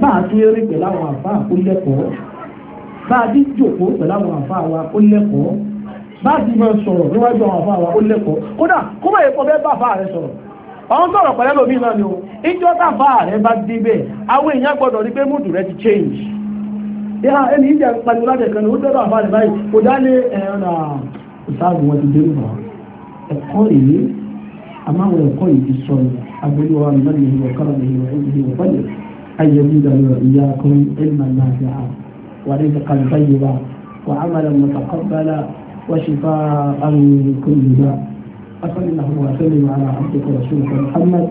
bá a ti rí pẹ̀lú àwọn àfa kó lẹ́kọ̀ọ́ a ti jòkó pẹ̀lú àwọn àfa wa kó lẹ́kọ̀ọ́ a máa sọ̀rọ̀ níwájú àwọn àfa lẹ́kọ̀ọ́ kódà kó bá yẹ kó bẹ́ẹ̀ bá àfa rẹ sọ̀rọ̀ sọ̀rọ̀ pẹ̀lú ẹlòmí náà ni o ìjọ rẹ bá àwọn èèyàn gbọ́dọ̀ rí pé múdù rẹ ti change ìhà ẹni ìjà pariwo láti ẹ̀kan ó rẹ báyìí kò dá أن يزيدنا وإياكم علما نافعا ورزقا طيبا وعملا متقبلا وشفاء من كل داء أصل اللهم وسلم على عبدك ورسولك محمد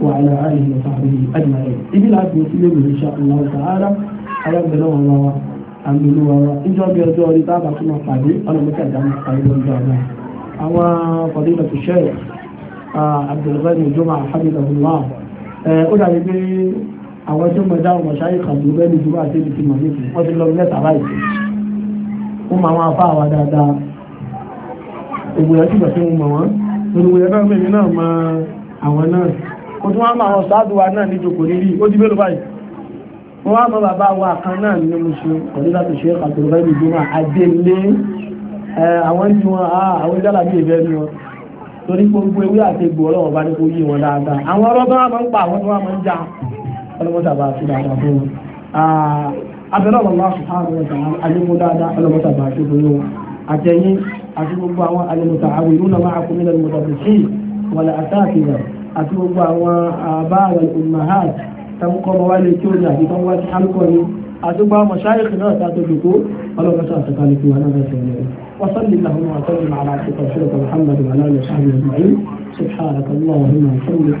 وعلى آله وصحبه أجمعين إذن عاد مسلم إن شاء الله تعالى على بلوغ الله àmìlú ọ̀rọ̀ ìjọ bí ọjọ́ orí tábà tún máa pàdé ọlọ́mọkẹ́ àdámọ́ pàdé lọ́jọ́ ọ̀la àwọn fọ̀dílà tó ṣẹ̀rẹ̀ Abdulgani Juma alhamdulillah àwọn tó mọ̀dá ọmọ ṣáyé kan tó bẹ́ẹ̀ ní ìdúró àti ibi tí mọ̀ ní ìfún wọ́n ti lọ mẹ́ta láì sí wọ́n máa máa fá àwa dáadáa ògbò yẹn tìgbà tí mo mọ̀ wọ́n gbogbo yẹn náà mẹ́rin náà mọ àwọn náà mo tún wá máa wọn sáàdù wa náà níjòkó níbí ó ti bẹ́ẹ̀ ló báyìí wọ́n wá mọ bàbá wa kan náà ní mo ṣe ọ̀dọ́ láti ṣe kàtó bẹ́ẹ̀ ní ìdúró ọlọ́mọta bá ti dáadáa fún wọn. abẹ́rẹ́ ọ̀rọ̀ máa sùn àwọn ọ̀tà alẹ́mú dáadáa ọlọ́mọta bá ti fún wọn. àtẹ̀yìn àti gbogbo àwọn alẹ́mọta àwọn ìlú náà máa kún nílẹ̀ mọ̀tà tó sí àtàkìlẹ̀ àti gbogbo àwọn àbáàrẹ̀ ìmọ̀hàd tẹ́kọ́ wálé tí ó ní àti tán wájú alukọ ni àti gbogbo àwọn mọ̀ṣáyìkì náà tá tó dùkú ọlọ́mọta àtàkàlẹ̀ fún wọn náà bẹ̀rẹ̀ وصل اللهم وسلم على سيدنا محمد وعلى اله وصحبه اجمعين سبحانك اللهم وبحمدك